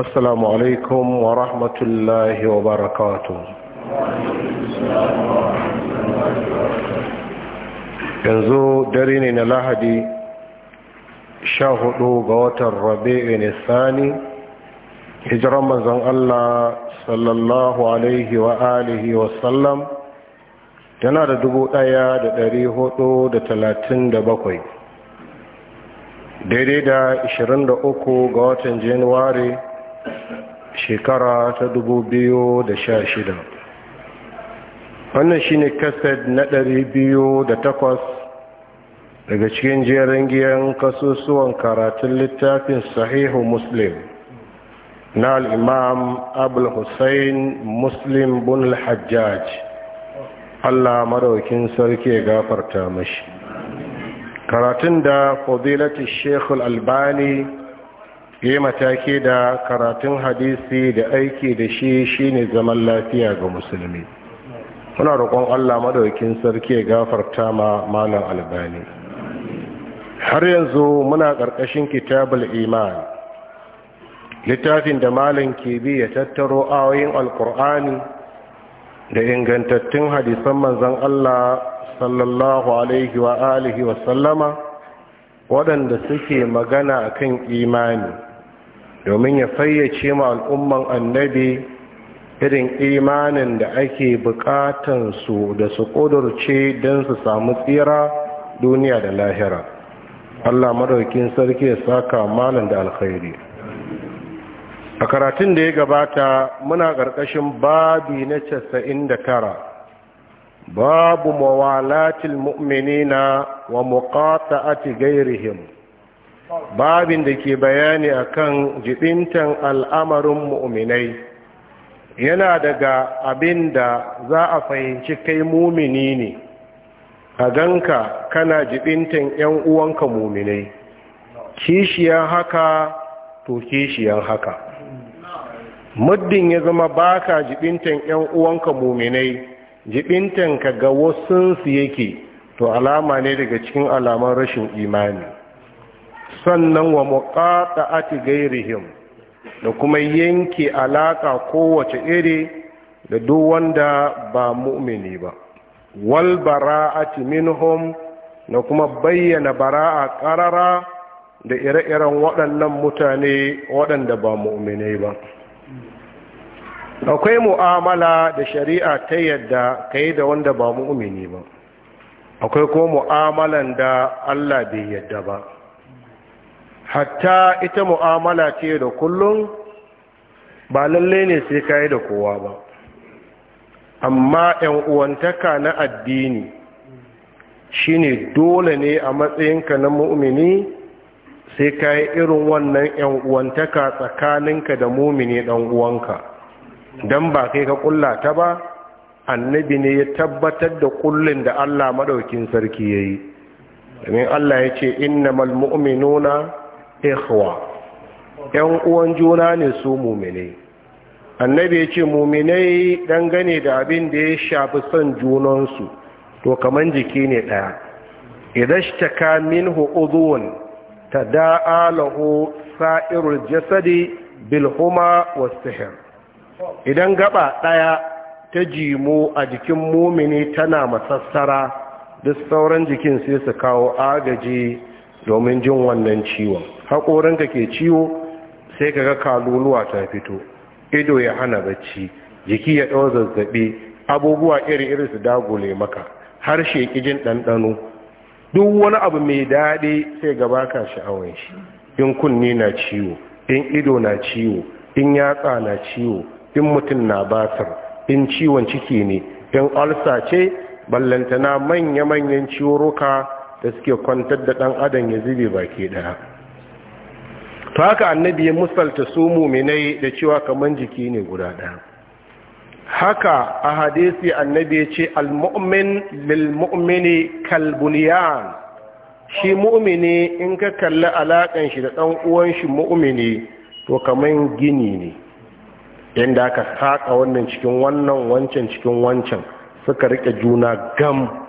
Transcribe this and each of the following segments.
السلام عليكم ورحمة الله وبركاته yanzu dare ne na lahadi sha hudu ga watan rabi'u ne sani hijiran Allah sallallahu tana da dubu ɗaya da ɗari hudu da talatin da bakwai daidai da 23 ga watan januwari shekara ta dubu biyu da sha shida. wannan shine kased na ɗari biyu da takwas daga cikin jerin giyan kasusuwan karatun littafin sahihu muslim na al'imam abul hussein muslim bin hajjaj allah maraukin sarki ya gafarta mashi karatun da fadilatun shekul albani ya mataki da karatun hadisi da aiki da shi shine zaman lafiya ga musulmi muna roƙon allah maɗaukin sarki ya gafarta ma malam albani har yanzu muna ƙarƙashin kitabul iman littafin da malam ke bi ya tattaro ayoyin alkur'ani da ingantattun hadisan manzon allah sallallahu alaihi wa alihi wasallama waɗanda suke magana kan imani domin ya fayyace ma al'umman annabi irin imanin da ake su da su ƙudurce don su samu tsira duniya da lahira allah maraukin sarki ya saka malin da alkhairi a karatun da ya gabata muna ƙarƙashin babi na casa'in da tara babu mawalatil mu'minina wa muƙata'ati gairihim babin da ke bayani akan jibintan al'amarin mu'minai yana daga abin da za a fahimci kai mumini ne a ganka kana jibintan 'yan uwanka muminai kishiyar haka to kishiyar haka muddin ya zama baka jibintan 'yan uwanka muminai jibintan ka ga wasunsu yake to alama ne daga cikin alaman rashin imani sannan wa muqata'ati him da kuma yanke alaƙa kowace iri da duk wanda ba mu'mini ba wal bara'ati minhum da kuma bayyana bara'a ƙarara da ire-iren waɗannan mutane waɗanda ba mu'minai ba akwai mu'amala da shari'a ta yadda ka yi da wanda ba mu'mini ba akwai ko mu'amalan da Allah bai yadda ba hatta ita mu'amala ce da kullum ba lalle ne sai ka da kowa ba amma ‘yan uwantaka na addini shine dole ne a matsayinka na mu'mini sai ka irin wannan ‘yan uwantaka tsakaninka da mumini ɗan uwanka don ba kai ka kullata ba annabi ne ya tabbatar da kullun da Allah maɗaukin sarki ya yi domin Allah ya ce innamal mu'minuna ikhwa yan uwan juna ne su mumine annabi ya ce muminai dangane da abin da ya shafi son junansu to kaman jiki ne ɗaya idan shtaka minhu udhun tada'a lahu sa'irul jasadi bil huma idan gaba ɗaya ta jimo a jikin mumini tana masassara duk sauran jikin sai su kawo agaji domin jin wannan ciwon haƙorinka ke ciwo sai kaga ga kaluluwa ta fito ido ya hana bacci jiki ya ɗau zazzaɓi abubuwa iri-iri su dagule maka harshe kijin ɗanɗano duk wani abu mai daɗi sai gaba ka sha'awar shi in kunni na ciwo in ido na ciwo in yatsa na ciwo in mutum na basar in ciwon ciki ne in alsa ce ballantana manya-manyan roka da suke kwantar da ɗan adam ya zube baki ɗaya ta haka annabi ya musalta su muminai da cewa kaman jiki ne guda ɗaya haka a hadisi annabi ya ce al-mu'min lil-mu'mini kalbuniyan shi mu'mini in ka kalli alaƙan shi da ɗan uwan shi mu'mini to kaman gini ne yadda aka saƙa wannan cikin wannan wancan cikin wancan suka rike juna gam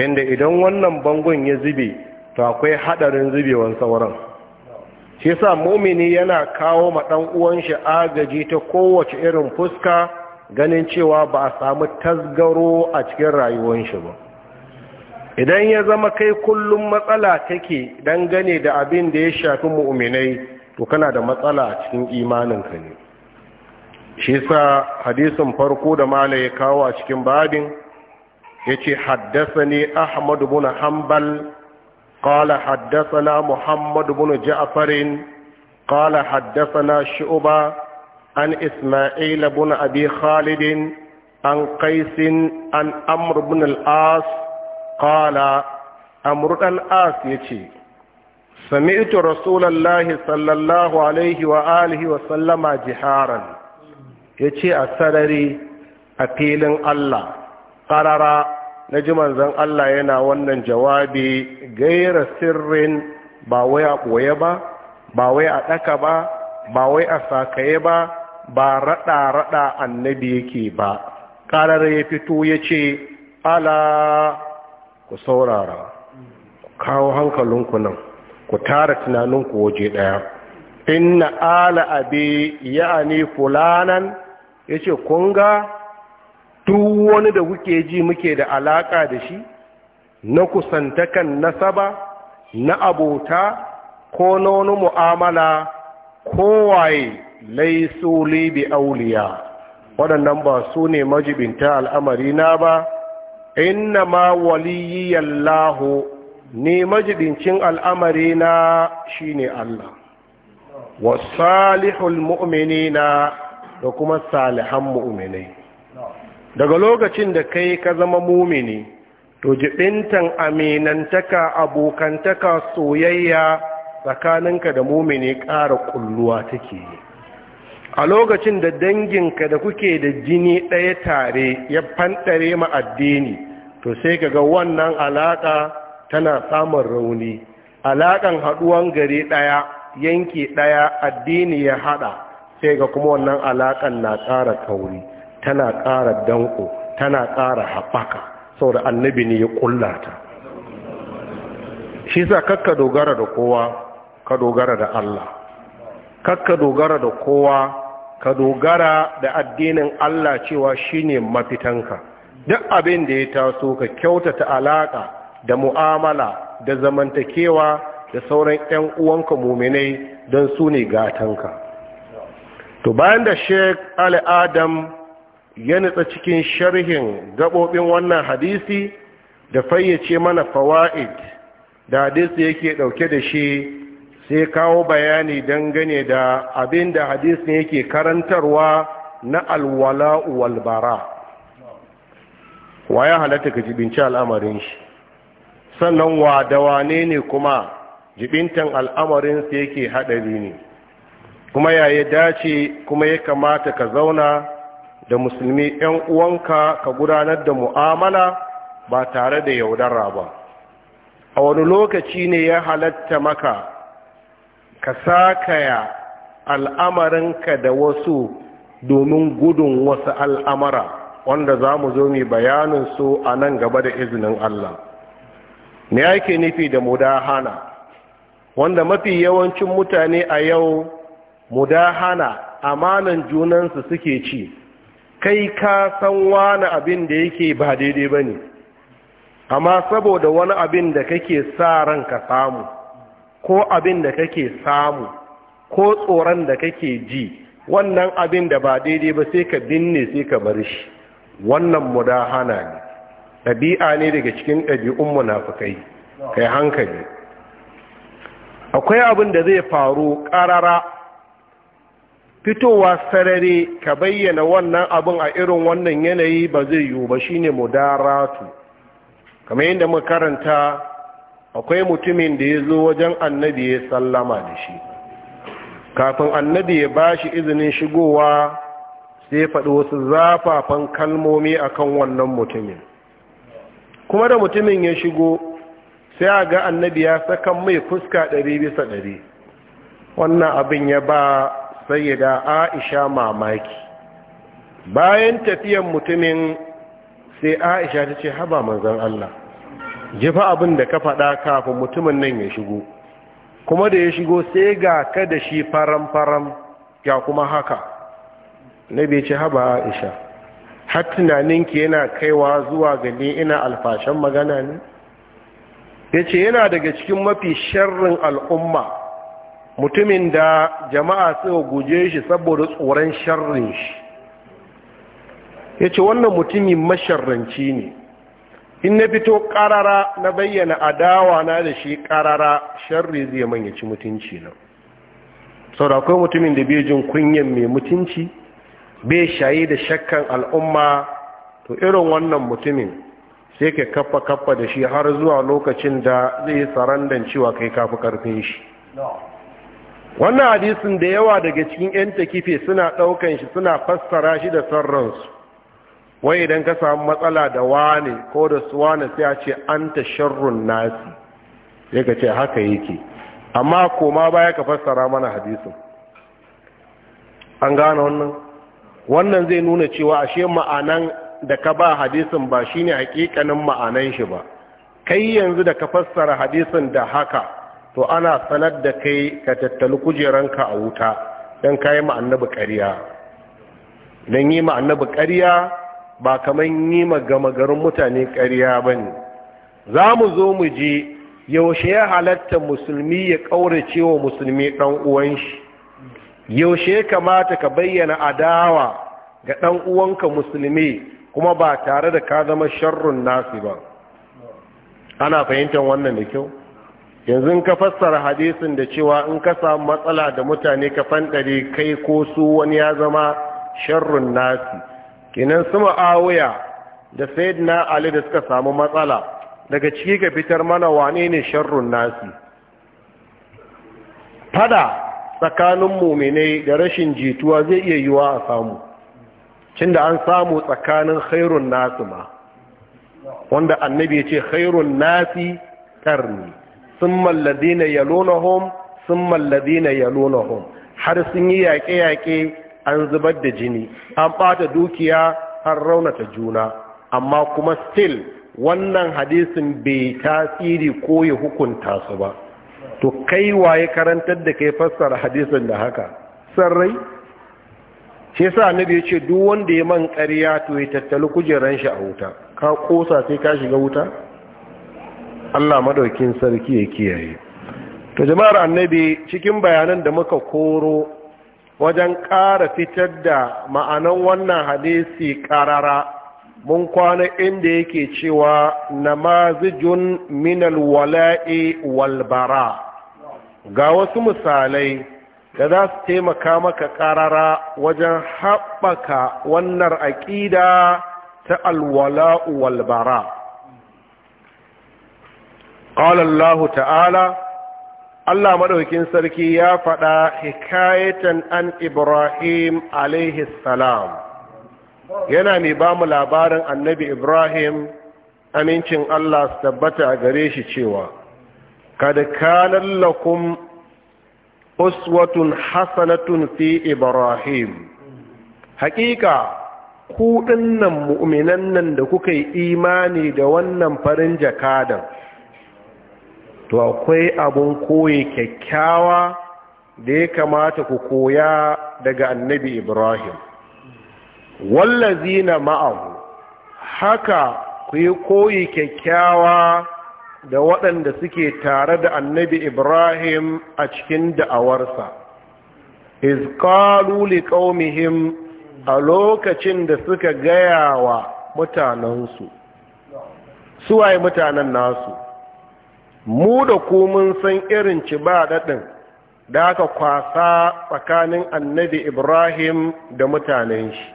yanda idan wannan bangon ya zube to akwai hadarin zubewan sauran shi yasa mumini yana kawo ma dan uwan shi agaji ta kowace irin fuska ganin cewa ba a samu tasgaro a cikin rayuwar shi ba idan ya zama kai kullum matsala take dangane da abin da ya shafi mu'minai to kana da matsala a cikin imaninka ne shi sa hadisin farko da mala ya kawo a cikin babin yace haddathani ahmad ibn hanbal qala haddathana muhammad ibn ja'far qala haddathana shu'ba an isma'il ibn abi khalid an qais an amr ibn al-as qala amr al-as yace سمعت رسول الله صلى الله عليه وآله وسلم جهارا yace a sarari a filin Allah Karara na ji manzan Allah yana wannan jawabi gaira sirrin ba wai a ɓoye ba ba wai a ɗaka ba ba wai a sakaye ba ba raɗa-raɗa annabi yake ba Karar ya fito ya ce ala ku saurara ku kawo hankalinku nan ku tara tunaninku waje ɗaya inna ala abi ya'ani fulanan ya ce kunga duk wani da kuke ji muke da alaka da shi na kusantakan nasaba na abota ko na wani mu'amala kowaye laisu libi auliya waɗannan ba su ne majibinta al'amari na ba inna ma waliyallahu ne majibincin al'amarina na shine Allah wasalihul mu'minina da kuma salihan mu'minai daga lokacin da kai ka zama mumini to jibintan aminantaka abokantaka soyayya tsakaninka da mumini ƙara ƙulluwa take yi a lokacin da danginka da kuke da jini ɗaya tare ya fanɗare ma addini to sai ka ga wannan alaƙa tana samun rauni alaƙan haɗuwan gari ɗaya yanki ɗaya addini ya haɗa sai ga kuma wannan alaƙan na ƙara kauri tana ƙara danko tana ƙara haɓaka sau da annabi ne ya ƙulla ta shi sa kakka dogara da kowa ka dogara da Allah kakka dogara da kowa ka dogara da addinin Allah cewa shine mafitanka duk abin da ya taso ka kyautata alaƙa da mu'amala da zamantakewa da sauran 'yan uwanka muminai don su ne gatanka to bayan da sheik ali ya nutsa cikin sharhin gaɓoɓin wannan hadisi da fayyace mana fawa'id da hadisi yake ɗauke da shi sai kawo bayani dangane da abin da hadisin yake karantarwa na alwala walbara wa ya halatta ka jibinci al'amarin shi sannan wa da wane ne kuma jibintan al'amarinsa yake haɗari ne kuma yaya dace kuma ya kamata ka zauna da musulmi ‘yan uwanka ka gudanar da mu'amala ba tare da yaudara ba a wani lokaci ne ya halatta maka ka sakaya al'amarinka da wasu domin gudun wasu al'amara wanda za mu zo mai bayanin su a nan gaba da izinin Allah me yake nufi da mudahana wanda mafi yawancin mutane a yau mudahana amanan junansu suke ci kai ka san wani abin da yake ba daidai ba ne amma saboda wani abin da kake sa ran ka samu ko abin da kake samu ko tsoron da kake ji wannan abin da ba daidai ba sai ka binne sai ka bar shi wannan mudahana ne ɗabi'a ne daga cikin ɗabi'un munafukai kai hankali akwai abin da zai faru ƙarara fitowa sarare ka bayyana wannan abin a irin wannan yanayi ba zai yiwu ba shine mudaratu kamar yadda muka karanta akwai mutumin da ya zo wajen annabi ya sallama da shi kafin annabi ya ba shi izinin shigowa sai faɗi wasu zafafan kalmomi akan wannan mutumin kuma da mutumin ya shigo sai a ga annabi ya sakan mai fuska ɗari bisa ɗari wannan abin ya ba sayyida aisha mamaki bayan tafiyan mutumin sai aisha ta ce haba manzan Allah jifa abin da ka faɗa kafin mutumin nan ya shigo kuma da ya shigo sai ga ka da shi faram-faram ya kuma haka na bai ce haba aisha har tunaninki yana kaiwa zuwa gani ina alfashan magana ne ya ce yana daga cikin mafi sharrin al'umma mutumin da jama'a suka guje shi saboda tsoron sharrin shi ya ce wannan mutumin masharranci ne in na fito karara na bayyana adawa na da shi karara sharri zai ci mutunci na saboda akwai mutumin da bai jin kunyan mai mutunci bai shaye da shakkan al'umma to irin wannan mutumin sai ka kafa kafa da shi har zuwa lokacin da zai sarandan cewa kai kafi karfin shi wannan hadisin da yawa daga cikin 'yan takife suna ɗaukan shi suna fassara shi da sarransu wai idan ka samu matsala da wane ko da su wane sai a ce an ta sharrun nasi sai ka ce haka yake amma koma baya ka fassara mana hadisin an gane wannan wannan zai nuna cewa ashe ma'anan da ka ba hadisin ba shine hakikanin ma'anan shi ba kai yanzu da ka fassara hadisin da haka to ana sanar da kai ka tattali kujeranka a wuta don ka yi annabi ƙariya don yi ma'annabi ƙariya ba kamar yi gama garin mutane ƙariya ba ne za mu zo mu je yaushe ya halatta musulmi ya ƙaurace wa musulmi ɗan uwan shi. yaushe ya kamata ka bayyana adawa ga ɗan uwanka musulmi kuma ba tare da ka zama sharrun nasi ba ana fahimtar wannan da kyau yanzu ka fassara hadisin da cewa in ka samu matsala da mutane ka fanɗare kai ko su wani ya zama sharrun nasi kenan su ma'awuya da sayyidina ali da suka samu matsala daga ciki ka fitar mana wane ne sharrun nasi fada tsakanin muminai da rashin jituwa zai iya yiwa a samu cin da an samu tsakanin khairun nasi ma wanda annabi ya ce khairun nasi karni sun alladhina yalunahum summa alladhina yalunahum har sun yi yaƙe-yaƙe an zubar da jini an ɓata dukiya an raunata juna amma kuma still wannan hadisin bai tasiri ko ya hukunta su ba to kai waye karantar da kai fassara hadisin da haka sarrai ce sa annabi ya ce duk wanda ya man ƙarya to ya tattali kujeran shi a wuta ka kosa sai ka shiga wuta Allah madaukin sarki ya kiyaye to jama'ar annabi cikin bayanan da muka koro wajen ƙara fitar da ma'anan wannan hadisi ƙarara mun kwana inda yake cewa namazijun minal wala'i walbara ga wasu misalai da za su taimaka maka ƙarara wajen haɓaka wannan aƙida ta alwala'u walbara qala Allah ta'ala Allah madaukakin sarki ya faɗa hikayatan an Ibrahim alaihi salam yana mai bamu labarin annabi Ibrahim amincin Allah su tabbata a gare shi cewa kada kanan lakum uswatun hasanatun fi Ibrahim hakika ku dinnan mu'minan nan da kuka yi imani da wannan farin jakadan to akwai abun koyi kyakkyawa da ya kamata ku koya daga annabi ibrahim wallazi na ma'ahu haka ku yi koyi kyakkyawa da waɗanda suke tare da annabi ibrahim a cikin da'awarsa izkalu li ƙaumihim a lokacin da suka gaya wa mutanensu suwaye mutanen nasu mu da ku mun san irin ci ba daɗin da aka kwasa tsakanin annabi ibrahim da mutanen shi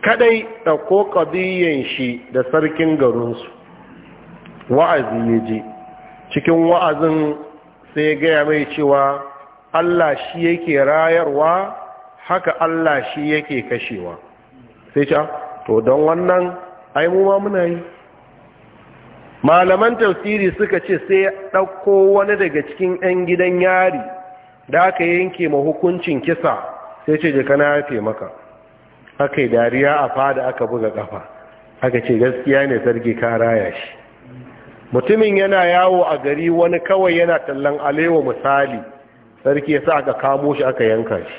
kadai ɗauko ƙadiyyan shi da sarkin garinsu wa'azi ya je cikin wa'azin sai gaya mai cewa allah shi yake rayarwa haka allah shi yake kashewa sai ce ah, to don wannan ai mu ma muna yi malaman tafsiri suka ce sai ɗauko wani daga cikin 'yan gidan yari da aka yanke ma hukuncin kisa sai ce jika na yafe maka aka yi dariya a fada aka buga ƙafa, aka ce gaskiya ne sarki ka raya shi mutumin yana yawo a gari wani kawai yana tallan alewa misali sarki ya sa aka kamo shi aka yanka shi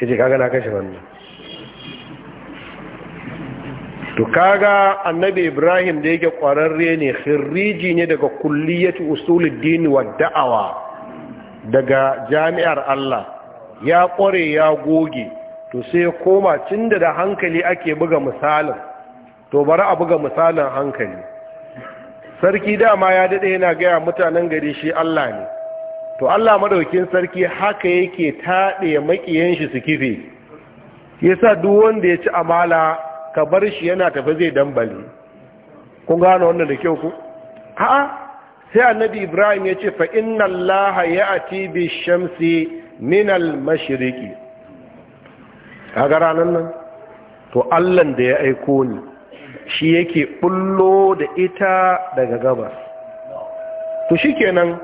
ya ce kaga na kashe wannan to kaga annabi ibrahim da yake kwararre ne khirriji ne daga kulliyatu usuluddin wa da'awa daga jami'ar Allah ya kware ya goge to sai koma tunda da hankali ake buga misalin to bari a buga misalin hankali sarki dama ya dade yana gaya mutanen gari shi Allah ne to Allah madaukin sarki haka yake taɗe makiyan shi su kife yasa duk wanda ya ci amala ka bar shi yana tafi zai dambali kun gano wannan da kyau ku a'a sai annabi ibrahim ya ce fa inna ya ati bi shamsi min al mashriqi kaga ranar nan to allan da ya aiko ni shi yake bullo da ita daga gabas to shikenan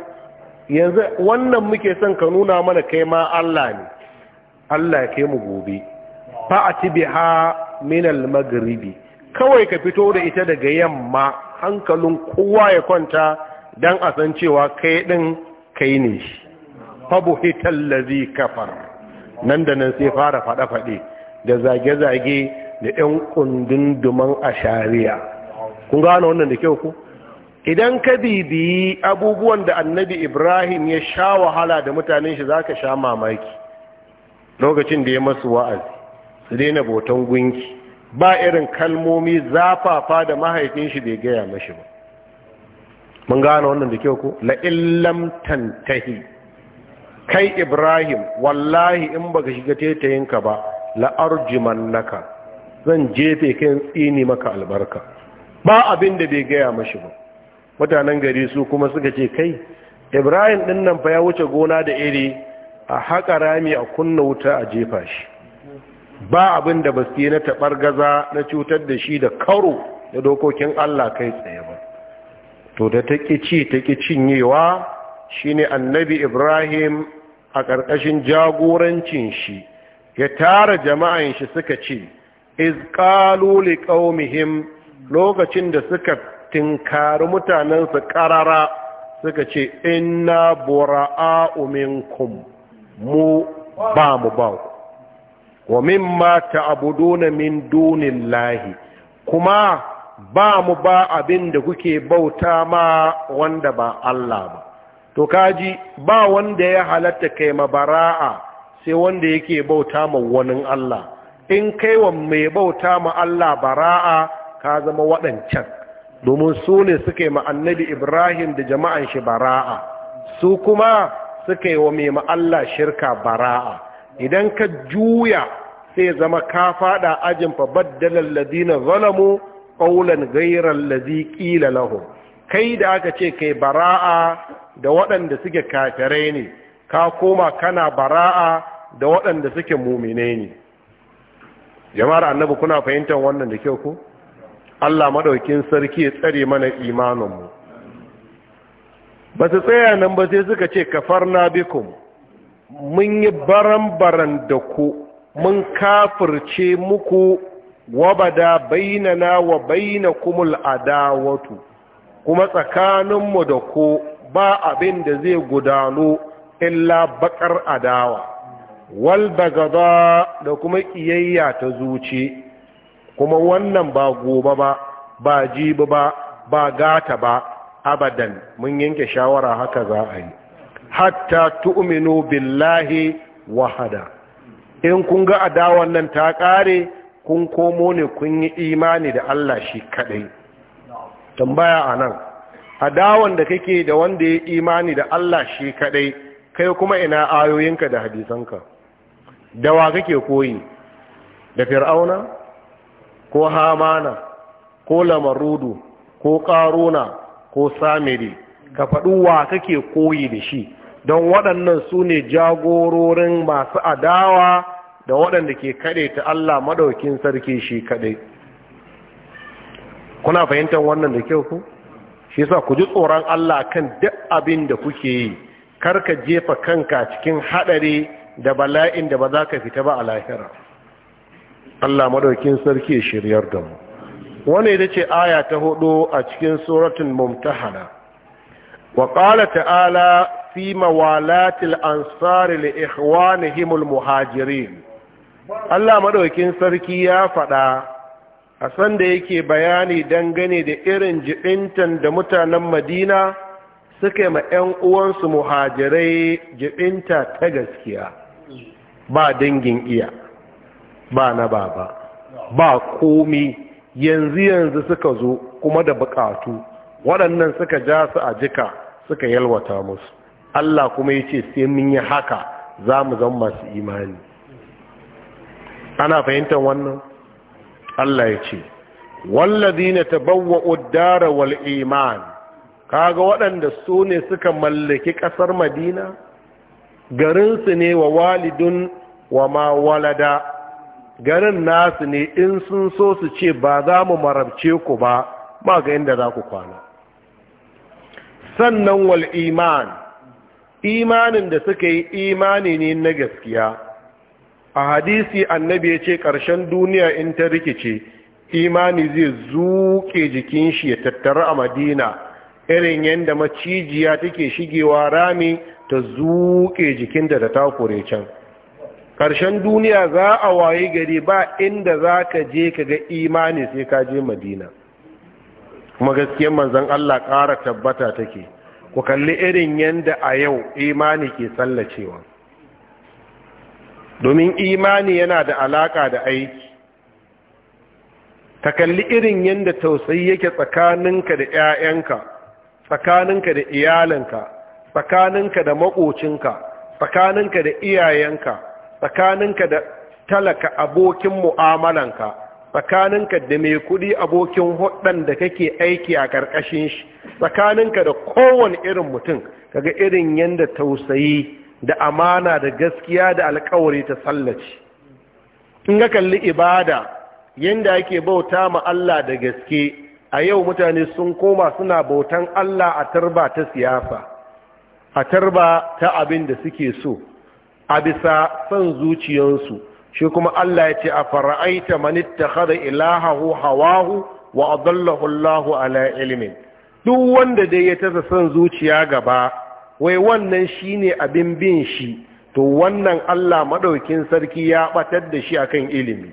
yanzu wannan muke son ka nuna mana kai ma Allah ne Allah ya kai mu gobe fa'ati biha minal magribi kawai ka fito da ita daga yamma hankalin kowa ya kwanta dan a san cewa kai din kai ne shi fabuhital ladhi kafar nan da nan sai fara fada fade da zage zage da ɗan kundin duman ashariya kun gano wannan da kyau ku idan ka bibiyi abubuwan da annabi ibrahim ya sha wahala da mutanen shi za ka sha mamaki lokacin da ya masu wa'azi su daina botan gunki ba irin kalmomi zafafa da mahaifin shi bai gaya mashi ba mun gane wannan da kyau ko la illam tantahi kai ibrahim wallahi in baka shiga tetayinka ba la naka zan jefe kai tsini maka albarka ba abin da bai gaya mashi ba mutanen gari su kuma suka ce kai ibrahim din nan fa ya wuce gona da iri a haƙa rami a kunna wuta a jefa shi ba abin da basu yi na taɓar gaza na cutar da shi da karo da dokokin Allah kai tsaye ba to da take ci take cinyewa shine annabi Ibrahim a ƙarƙashin jagorancin shi ya tara jama'an shi suka ce iz qalu liqaumihim lokacin da suka tinkari mutanensu ƙarara suka ce inna bura'a'u minkum mu ba mu ba ku wa mimma ta'buduna min dunillahi kuma ba mu ba abin da kuke bauta ma wanda ba Allah ba to kaji ba wanda ya halatta kai bara'a sai wanda yake bauta ma wani Allah in kai wa mai bauta ma Allah bara'a ka zama waɗancan domin su ne suka yi ma annabi Ibrahim da jama'an shi bara'a su kuma suka yi wa mai ma Allah shirka bara'a idan ka juya sai zama ka fada ajin fa baddalal ladina zalamu qawlan ghayra allazi qila lahum kai da aka ce kai bara'a da waɗanda suke kafirai ne ka koma kana bara'a da waɗanda suke mumine ne jama'ar annabi kuna fahimtar wannan da kyau ko Allah madaukin sarki ya tsare mana mu. ba su tsaya nan ba sai suka ce kafarna bikum mun yi baran-baran da ku mun kafirce muku wabada bainana wa kumul adawatu kuma tsakaninmu da ku ba abin da zai gudano illa bakar adawa wal gaba da kuma kiyayya ta zuci kuma wannan ba gobe ba ba jibi ba ba gata ba abadan mun yanke shawara haka za a yi hatta tu'minu billahi wahada in kun ga adawan nan ta kare kun komo ne kun yi imani da Allah shi kadai tambaya anan adawan da kake da wanda ya imani da Allah shi kadai kai kuma ina ayoyinka da hadisanka da wa kake koyi da fir'auna ko hamana ko lamarudu ko karuna ko samiri ka faɗi wa kake koyi da shi don waɗannan su ne jagororin masu adawa da waɗanda ke kaɗe ta Allah maɗaukin sarki shi kaɗai kuna fahimtar wannan da kyau ku shi sa ku ji tsoron Allah kan duk abin da kuke yi karka jefa kanka cikin haɗari da bala'in da ba za ka fita ba a lahira Allah maɗaukin sarki shiryar da mu wani da ce aya ta hudu a cikin suratun mumtahana wa ƙala ta'ala fi mawalatil ansari li ikhwanihim muhajirin Allah madaukin sarki ya faɗa a sanda yake bayani dangane da irin jibintan da mutanen Madina suka ma 'yan uwansu muhajirai jibinta ta gaskiya ba dangin iya ba na baba ba komi yanzu yanzu suka zo kuma da bukatu waɗannan suka ja su a jika suka yalwata musu Allah kuma ya ce sai mun yi haka za mu zan masu imani ana fahimtar wannan Allah ya ce wallazina tabawwa'u ad-dara wal iman kaga waɗanda su ne suka mallaki ƙasar Madina garin su ne wa walidun wa ma walada garin nasu ne in sun so su ce ba za mu marabce ku ba ba ga inda za ku kwana sannan wal iman imanin da suka yi imani ne na gaskiya a hadisi annabi ya ce ƙarshen duniya in ta rikice imani zai zuke jikin shi ya tattara a madina irin yadda macijiya take shigewa rami ta zuke jikin da takure can ƙarshen duniya za a waye gari ba inda za ka je ka ga imani sai ka je madina kuma gaskiyar manzan allah ƙara tabbata take ku kalli irin yadda a yau imani ke tsallacewa domin imani yana da alaka da aiki ta kalli irin yadda tausayi yake tsakaninka da 'ya'yanka tsakaninka da iyalinka tsakaninka da maƙocinka tsakaninka da iyayenka tsakaninka da talaka abokin mu'amalanka tsakaninka da mai kuɗi abokin hudun da kake aiki a ƙarƙashin shi tsakaninka da kowane irin mutum kaga irin yadda tausayi da amana da gaskiya da alkawari ta sallaci in ga kalli ibada yadda ake bauta ma Allah da gaske a yau mutane sun koma suna bautan Allah a tarba ta siyasa a tarba ta abin da suke so a bisa son zuciyarsu shi kuma Allah ya ce a fara'aita man ittakhadha ilahahu hawahu wa adallahu Allahu ala ilmin duk wanda dai ya tasa son zuciya gaba wai wannan shine abin bin shi to wannan Allah maɗaukin sarki ya batar da shi akan ilimi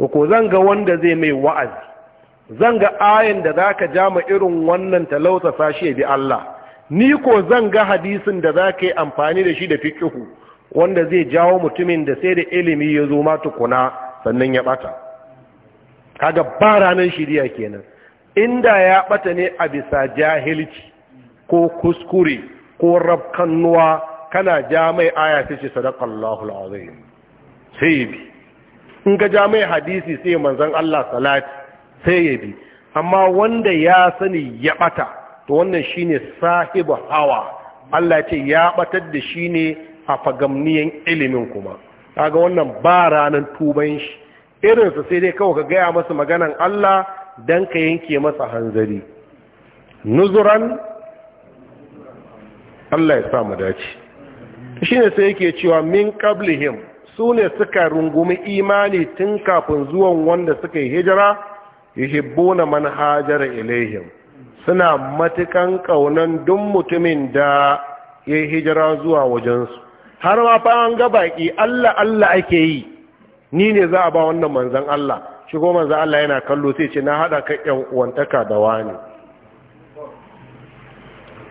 to ko zanga wanda zai mai wa'azi zanga ayan da zaka ja ma irin wannan talauta sashi bi Allah ni ko zanga hadisin da zaka yi amfani da shi da fiqhu wanda zai jawo mutumin da sai da ilimi ya zo ma tukuna sannan ya bata kaga ba ranar shiriya kenan inda ya bata ne a bisa jahilci ko kuskure ko rabkannuwa kana ja mai aya ta ce sadaqallahu alazim sai bi in ga ja mai hadisi sai manzon Allah salati sai ya bi amma wanda ya sani ya bata to wannan shine sahibu hawa Allah ce ya batar da shi ne a fagamniyan ilimin kuma ga wannan ba ranar tuban shi irinsa sai dai kawai ka gaya masa maganan Allah don ka yanke masa hanzari nuzuran Allah ya samu dace shi ne sai yake cewa min qablihim su ne suka rungumi imani tun kafin zuwan wanda suka yi hijira na man hajara ilaihim suna matukan kaunan duk mutumin da ya hijira zuwa wajensu har ma fa an ga baki Allah Allah ake yi ni ne za a ba wannan manzan Allah shigo manzan Allah yana kallo sai ce na hada ka yan uwantaka da wani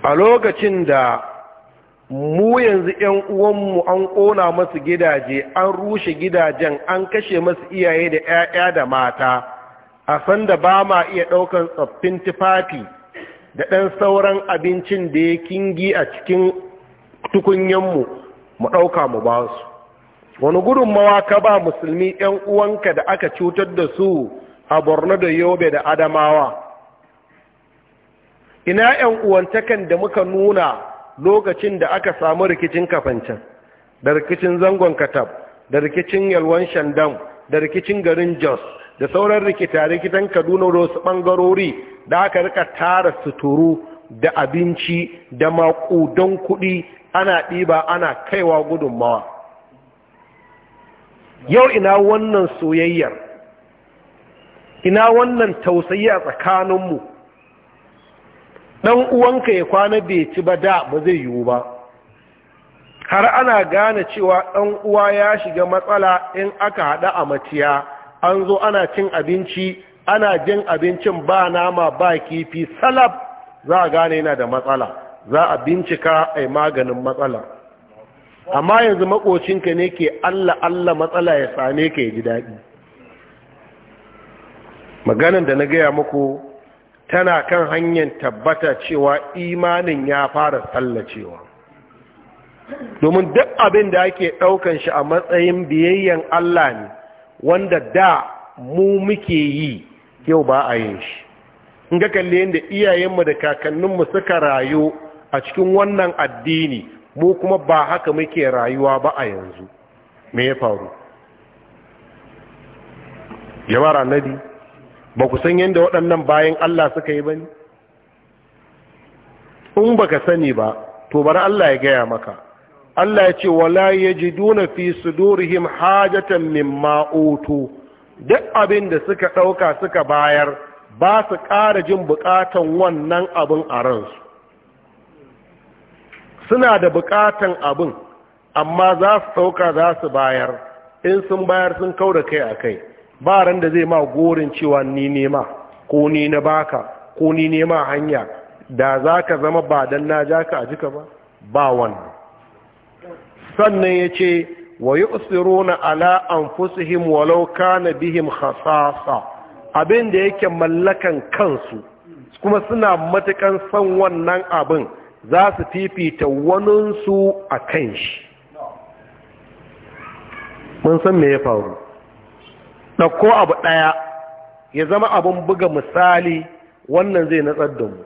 a lokacin da mu yanzu yan uwanmu an kona masu gidaje an rushe gidajen an kashe masu iyaye da 'ya'ya da mata a san da ba ma iya ɗaukan tsoffin tufafi da ɗan sauran abincin da ya kingi a cikin tukunyenmu mu ɗauka mu ba su wani gudunmawa ka ba musulmi 'yan uwanka da aka cutar da su a borno da yobe da adamawa ina 'yan uwantakan da muka nuna lokacin da aka samu rikicin kafancan da rikicin zangon katab da rikicin yalwan shandam da rikicin garin jos da sauran rikita-rikitan kaduna da wasu ɓangarori da aka rika tara suturu da abinci da maƙudan kuɗi ana ɗiba ana kaiwa gudunmawa yau ina wannan soyayyar ina wannan tausayi a tsakaninmu ɗan uwanka ya kwana bai ci ba da ba zai yiwu ba har ana gane cewa ɗan uwa ya shiga matsala in aka haɗa a maciya an zo ana cin abinci ana jin abincin ba nama ba kifi salab za a gane yana da matsala za a bincika a maganin matsala amma yanzu makocinka ne ke allah allah matsala ya same ka ya ji daɗi maganin da na gaya muku tana kan hanyar tabbata cewa imanin ya fara tsallacewa domin duk abin da ake ɗaukan shi a matsayin biyayyen Allah ne wanda da mu muke yi yau ba a yin shi in ga yin yadda iyayenmu da kakanninmu suka rayu a cikin wannan addini mu kuma ba haka muke rayuwa ba a yanzu me ya faru jama'ar annabi ba ku san yadda waɗannan bayan Allah suka yi ba ne in baka sani ba to bari Allah ya gaya maka Allah ya ce wala duna fi su durihim hajatan min ma'oto duk abin da suka ɗauka suka bayar ba su ƙara jin buƙatan wannan abin a ransu suna da bukatan abin amma za su sauka za su bayar in sun bayar sun kau da kai a kai ba ran da zai ma gorin cewa ni nema ko ni na baka ko ni nema hanya da za ka zama ba don na ja ka a jika ba ba wannan sannan ya ce wa yi na ala an fusihim walau na bihim hasasa abin da yake mallakan kansu kuma suna matukan san wannan abin za su fifita waninsu a kan shi mun san me ya faru ɗauko abu ɗaya ya zama abin buga misali wannan zai na da mu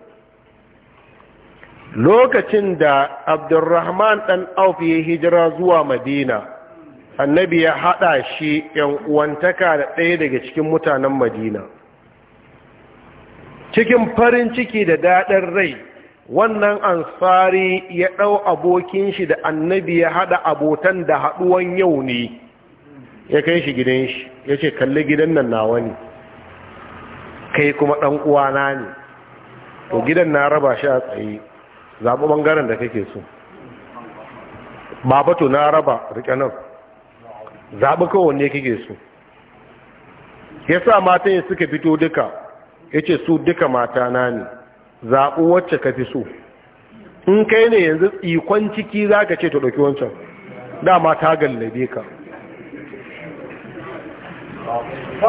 lokacin da abdurrahman ɗan auf ya hijira zuwa madina annabi ya haɗa shi ‘yan uwantaka da ɗaya daga cikin mutanen madina cikin farin ciki da daɗin rai wannan ansari ya ɗau abokin shi da annabi ya haɗa abotan da haɗuwan yau ne ya kai shi gidan shi ya ce kalli gidan nan nawa ne kai kuma ɗan uwana ne to gidan na raba shi a tsaye zaɓi ɓangaren da kake so baba to na raba riƙe nan zaɓi kowanne kake so ya sa matan suka fito duka ya ce su duka mata na ne zaɓi wacce ka fi so in kai ne yanzu ikon ciki za ka ce ta ɗauki wancan dama ta gallabe ka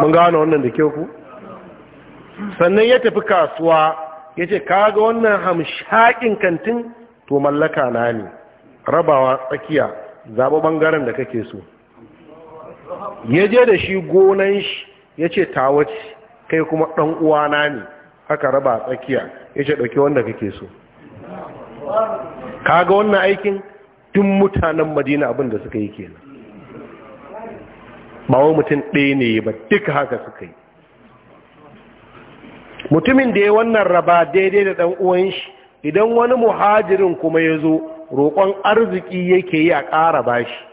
mun gano wannan da kyau ku sannan ya tafi kasuwa ya ce kaga wannan hamshakin kantin to mallaka na ne rabawa tsakiya zaɓi ɓangaren da kake so ya je da shi gonan shi ya ce tawaci kai kuma ɗan na ne aka raba a tsakiya ya ce ɗauki wanda kake so kaga wannan aikin tun mutanen madina abinda suka yi kenan ba wani mutum ɗaya ne ba duka haka suka yi mutumin da ya wannan raba daidai da ɗan uwan shi idan wani muhajirin kuma ya zo roƙon arziki yake yi a ƙara bashi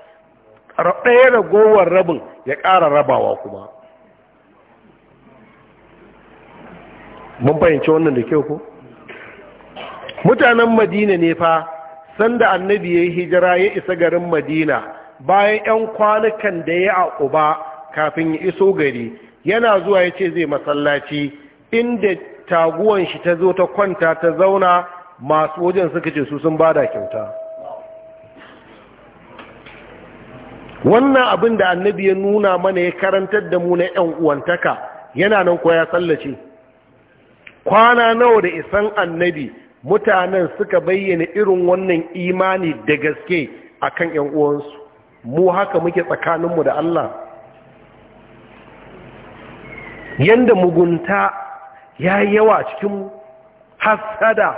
ɗaya da gowar rabin ya ƙara rabawa kuma mun fahimci wannan da kyau ko mutanen madina ne fa sanda annabi ya yi hijira ya isa garin madina bayan 'yan kwanukan da ya a uba kafin ya iso gari yana zuwa ya ce zai masallaci inda taguwan shi ta zo ta kwanta ta zauna masu wajen suka ce su sun bada kyauta wannan abin da annabi ya nuna mana ya karantar da mu na 'yan uwantaka yana nan ko ya tsallace kwana nawa da isan annabi mutanen suka bayyana irin wannan imani da gaske kan yan uwansu mu haka muke tsakaninmu da Allah yanda mugunta ya yi yawa cikin hasada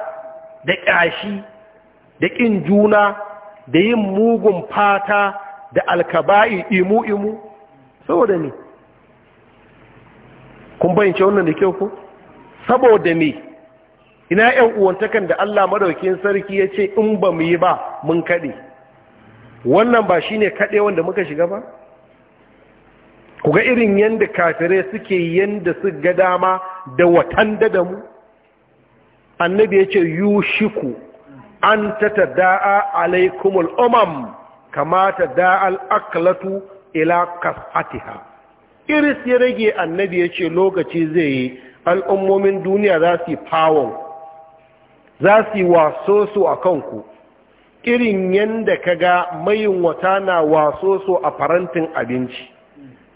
da ƙyashi da ƙin juna da yin mugun fata da alkaba'i imu-imu saboda ne kun bayyance wannan da kyau ko? saboda me ina yan uwantakan da Allah madaukin sarki ya ce in ba mu yi ba mun kaɗe wannan ba shine kaɗe wanda muka shiga ba ku ga irin yadda kafirai suke yanda su ga dama da watan da mu annabi ya ce yushiku an ta ta da'a alaikumul umam kamata da'al aklatu ila kasatiha iris ya rage annabi ya ce lokaci zai yi al'ummomin duniya za su yi fawon za su yi waso su a kanku irin yadda ka ga wata na waso su a farantin abinci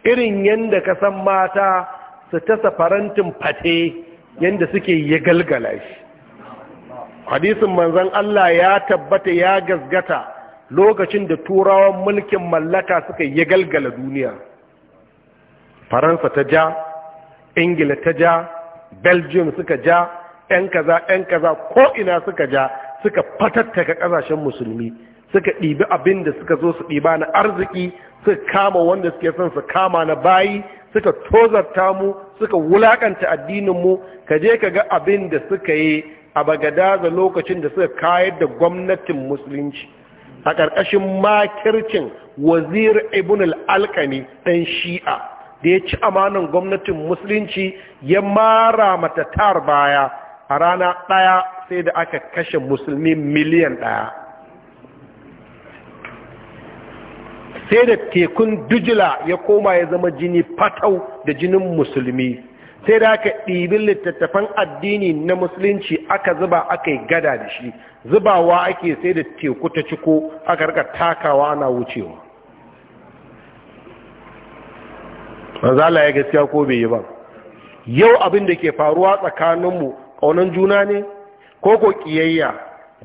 irin yadda ka san mata su tasa farantin fate yadda suke yi galgala shi hadisin manzan Allah ya tabbata ya gazgata lokacin da turawan mulkin mallaka suka yi galgala duniya faransa ta ja ingila ta ja belgium suka ja yan kaza yan kaza ko ina suka ja suka fatattaka kasashen musulmi suka ɗibi abin da suka zo su ɗiba na arziki suka kama wanda suke son su kama na bayi suka tozarta mu suka wulakanta addininmu ka je ka ga abin da suka yi a bagada da lokacin da suka kayar da gwamnatin musulunci a ƙarƙashin makircin wazir ibn al'alƙani ɗan shi'a da ya ci amanin gwamnatin musulunci ya mara mata tar baya a rana ɗaya sai da aka kashe musulmi miliyan ɗaya sai da tekun dujila ya koma ya zama jini fatau da jinin musulmi sai da aka ɗibin littattafan addini na musulunci aka zuba aka yi gada da shi zubawa ake sai da teku ta ciko aka rika takawa ana wucewa manzo Allah ya gaskiya ko bai yi ba yau abin da ke faruwa tsakaninmu ƙaunan juna ne ko ko ƙiyayya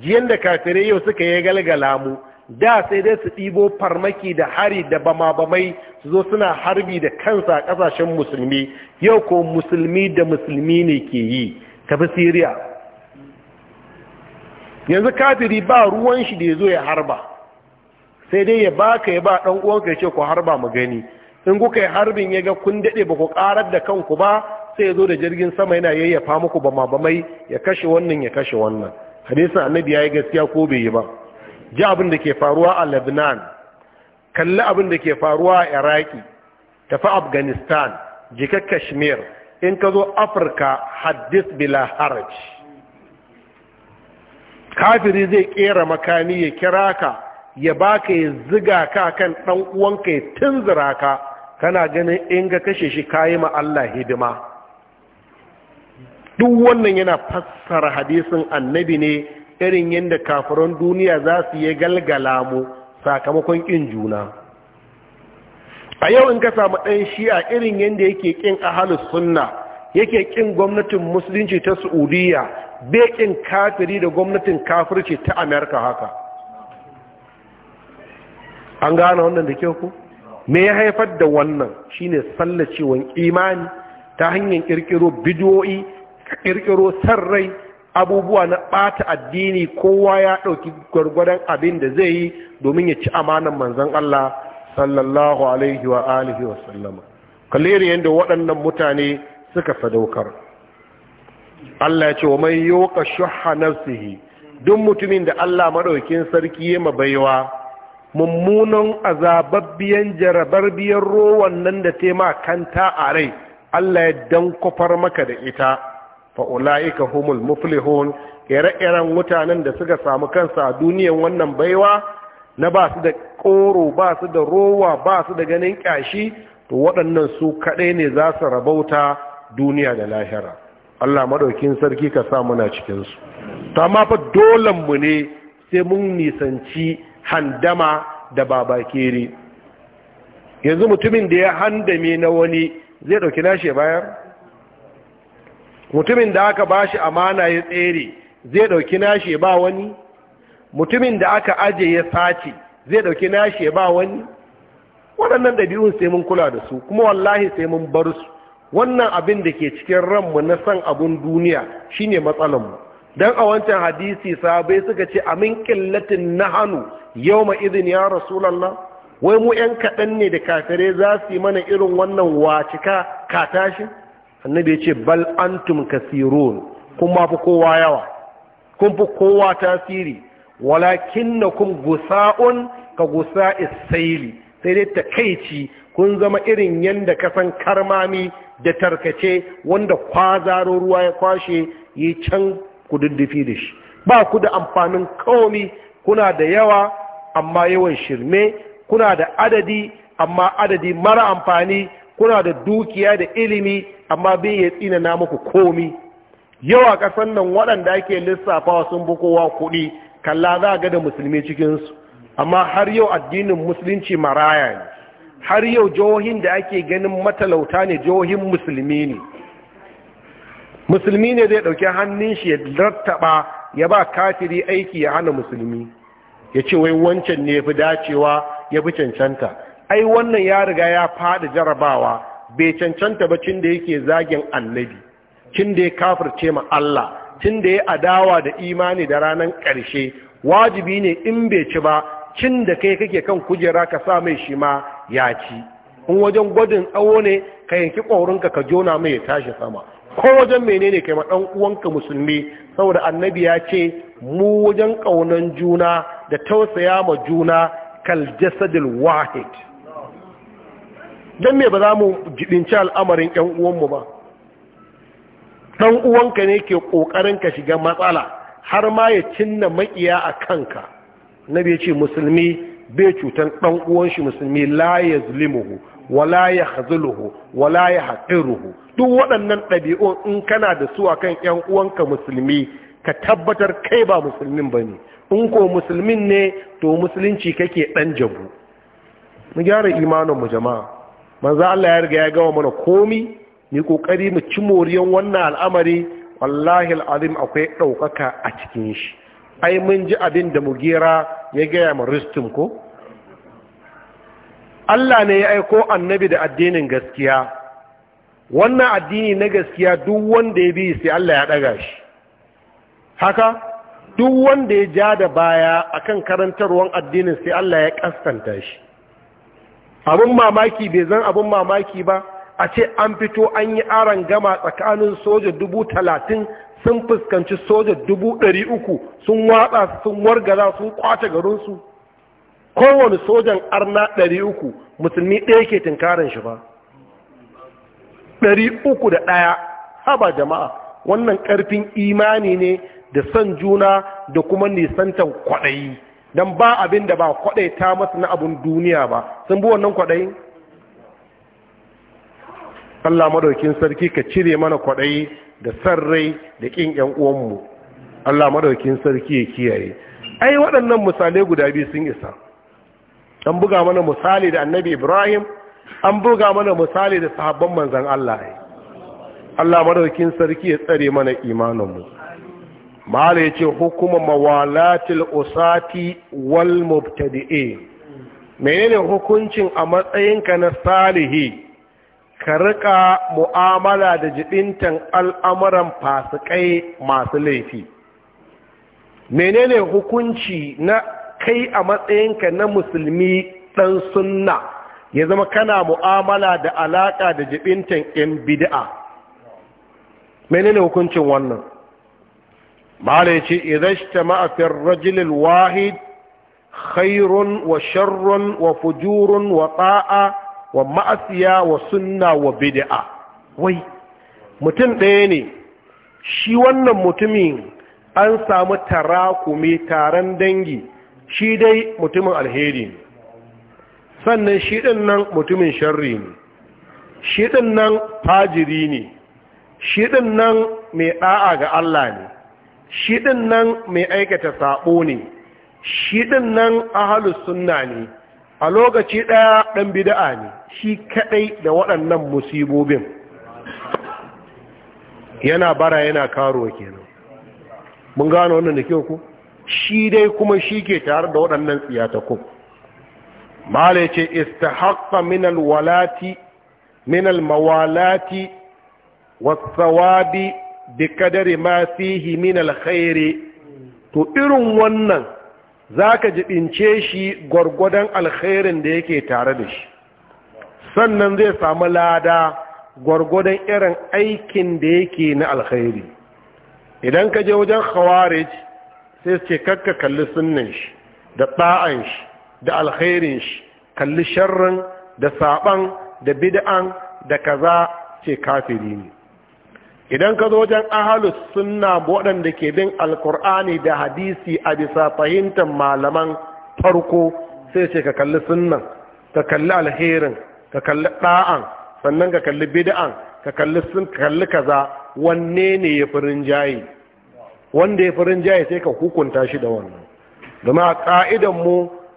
jiyan da kafirai yau suka yi galgala mu da sai dai su ɗibo farmaki da hari da bama-bamai su zo suna harbi da kansa a ƙasashen musulmi yau ko musulmi da musulmi ne ke yi tafi siriya yanzu kafiri ba ruwan shi da ya zo ya harba sai dai ya baka ya ba ɗan uwanka ya ce ku harba mu gani in kuka yi harbin ya ga kun daɗe ba ku ƙarar da kanku ba sai ya zo da jirgin sama yana yayyafa muku ba ma bamai ya kashe wannan ya kashe wannan hadisi annabi ya yi gaskiya ko bai yi ba ji abin da ke faruwa a lebanon kalli abin da ke faruwa a iraki tafi afghanistan jika kashmir in ka zo afirka haddis bila haraj kafiri zai kera makami ya kira ka ya baka ya ziga ka kan dan uwanka ya tunzura ka kana ganin in ga kashe shi kayi ma Allah hidima duk wannan yana fassara hadisin annabi ne irin yadda kafiran duniya za su yi galgala mu sakamakon ƙin juna a yau in ka samu ɗan shi'a irin yadda yake ƙin ahalus sunna yake ƙin gwamnatin musulunci ta saudiya bai ƙin kafiri da gwamnatin kafirci ta amerika haka an gane wannan da kyau ku me ya haifar da wannan shine sallacewan imani ta hanyar kirkiro bidiyoyi kirkiro sarrai abubuwa na ɓata addini kowa ya ɗauki gwargwadon abin da zai yi domin ya ci amanan manzon Allah sallallahu alaihi wa alihi wa sallama kalleri yadda waɗannan mutane suka sadaukar Allah ya ce wa mai yoka nafsihi duk mutumin da Allah maɗaukin sarki ya mabaiwa mummunan azababbiyan jarabarbiyar rowan nan da tema kanta a rai Allah ya dan kufar maka da ita fa ulaika humul muflihun ire-iren mutanen da suka samu kansa a duniyan wannan baiwa na ba su da koro ba su da rowa ba su da ganin kyashi to waɗannan su kaɗai ne za su rabauta duniya da lahira Allah madaukin sarki ka sa muna cikinsu ta mafa mu ne sai mun nisanci handama da babakere yanzu mutumin da ya handame na wani zai dauki nashi bayar mutumin da aka bashi amana ya tsere zai dauki nashi ba wani mutumin da aka aje ya sace zai dauki nashi ba wani waɗannan ɗabi'un sai mun kula da su kuma wallahi sai mun bar su wannan abin da ke cikin ranmu na san abun duniya shine mu. dan a wancan hadisi sabai suka ce amin qillatin nahanu yawma idhin ya rasulullah wai mu yan kaɗan ne da kafirai za su yi mana irin wannan wacika tashi? annabi ya ce bal antum kasirun kun ma fi kowa yawa kun fi kowa tasiri walakinnakum gusa'un ka gusa isaili. sai dai takaici kun zama irin yanda kasan karmami da tarkace wanda kwazaro ruwa ya kwashe yi can ku duddufi da shi ba ku da amfanin kawomi kuna da yawa amma yawan shirme kuna da adadi amma adadi mara amfani kuna da dukiya da ilimi amma bin ya tsina na muku komi yawa kasan nan waɗanda ake lissafawa sun bi kowa kuɗi kalla za ga da musulmi cikinsu amma har yau addinin musulunci maraya ne har yau jihohin da ake ganin matalauta ne jihohin musulmi ne musulmi ne zai ɗauki hannun shi ya rattaba ya ba kafiri aiki ya hana musulmi ya ce wai wancan ne fi dacewa ya fi cancanta ai wannan ya riga ya faɗi jarabawa bai cancanta ba cinda da yake zagin annabi Cinda ya kafirce ma Allah Cinda da ya adawa da imani da ranan ƙarshe wajibi ne in bai ci ba cinda da kai kake kan kujera ka sa mai shi ma ya ci in wajen gwadin tsawo ne ka yanki ƙorinka ka jona mai ya tashi sama ko wajen menene kai ma dan uwanka musulmi saboda annabi ya ce mu wajen kaunan juna da tausaya ma juna kal jasadil wahid dan mai ba za mu jiɗinci al'amarin ƴan uwanmu ba ɗan uwanka ne ke ƙoƙarin ka shiga matsala har ma ya cinna maƙiya a kanka nabi ya ce musulmi bai cutar dan uwan shi musulmi la yazlimuhu wala ya wala ya haqiruhu duk waɗannan ɗabi'un in kana da su a kan yan uwanka musulmi ka tabbatar kai ba musulmin ba ne, in ko musulmin ne to musulunci kake ɗan jabu mu gyara imanin mu jama'a manzo Allah ya riga ya gawa mana komi ni ƙoƙari mu ci moriyan wannan al'amari wallahi alazim akwai ɗaukaka a cikin shi ai mun ji abin da mu gera, ya gaya ma ristin ko Allah ne ya aiko annabi da addinin gaskiya wannan addini na gaskiya duk wanda ya bi sai Allah ya daga shi haka duk wanda ya ja da baya akan karantarwan addinin sai Allah ya kaskanta shi abin mamaki bai zan abin mamaki ba a ce an fito an yi aron gama tsakanin soja dubu talatin sun fuskanci soja dubu ɗari uku sun watsa sun wargaza sun kwace garinsu kowane sojan arna ɗari uku musulmi ɗaya ke tunkarin shi ba uku da ɗaya. haba jama'a wannan ƙarfin imani ne da son juna da kuma nisantan kwaɗayi don ba abin da ba kwaɗai ta masu na abin duniya ba sun bi wannan kwaɗayi Allah madaukin sarki ka cire mana kwaɗayi da sarrai da ƙin ƴan uwanmu Allah madaukin sarki ya kiyaye ai waɗannan misalai guda biyu sun isa an buga mana misali da annabi ibrahim an buga mana misali da sahabban manzan Allah yi. Allah madaukin sarki ya tsare mana imaninmu mala ce hukuma mawalatil usati wal mubtadi'i menene hukuncin a matsayinka na salihi ka rika mu'amala da jibintan al'amuran fasikai masu laifi menene hukunci na kai a matsayinka na musulmi ɗan sunna ya zama kana mu'amala da alaka da jibintan yan bid'a menene hukuncin wannan malai ce idan ijtama'a fi ar-rajul wahid khairun wa sharrun wa fujurun wa ta'a wa ma'afiya wa sunna wa bid'a wai mutum ɗaya ne shi wannan mutumin an samu tarakumi taron dangi shi dai mutumin alheri ne sannan shi ɗin nan mutumin sharri ne shi ɗin nan fajiri ne shi ɗin nan mai ɗa'a ga Allah ne shi ɗin nan mai aikata saɓo ne shi ɗin nan ahalus sunna ne a lokaci ɗaya ɗan bida'a ne shi kaɗai da waɗannan musibobin yana bara yana karuwa kenan mun gano wannan da kyau ku shi dai kuma shi ke tare da waɗannan tsiyatakun mala ce istahaqqa walati, alwalati mawalati, almawalati wasawabi bi kadari ma fihi minal alkhairi to irin wannan zaka jibince shi gwargwadon alkhairin da yake tare da shi sannan zai samu lada gwargwadon irin aikin da yake na alkhairi idan ka je wajen khawarij sai ce kakka kalli sunnan shi da ɗa'an shi da alkhairin shi kalli sharrin da saban da bid'an da kaza ce kafiri ne idan ka zo wajen ahalus sunna waɗanda ke bin alkur'ani da hadisi a bisa fahimtar malaman farko sai ce ka kalli sunnan ka kalli alherin ka kalli ɗa'an sannan ka kalli bid'an ka kalli sun kalli kaza wanne ne ya furin jayi wanda ya furin jayi sai ka hukunta shi da wannan domin a ka'idan mu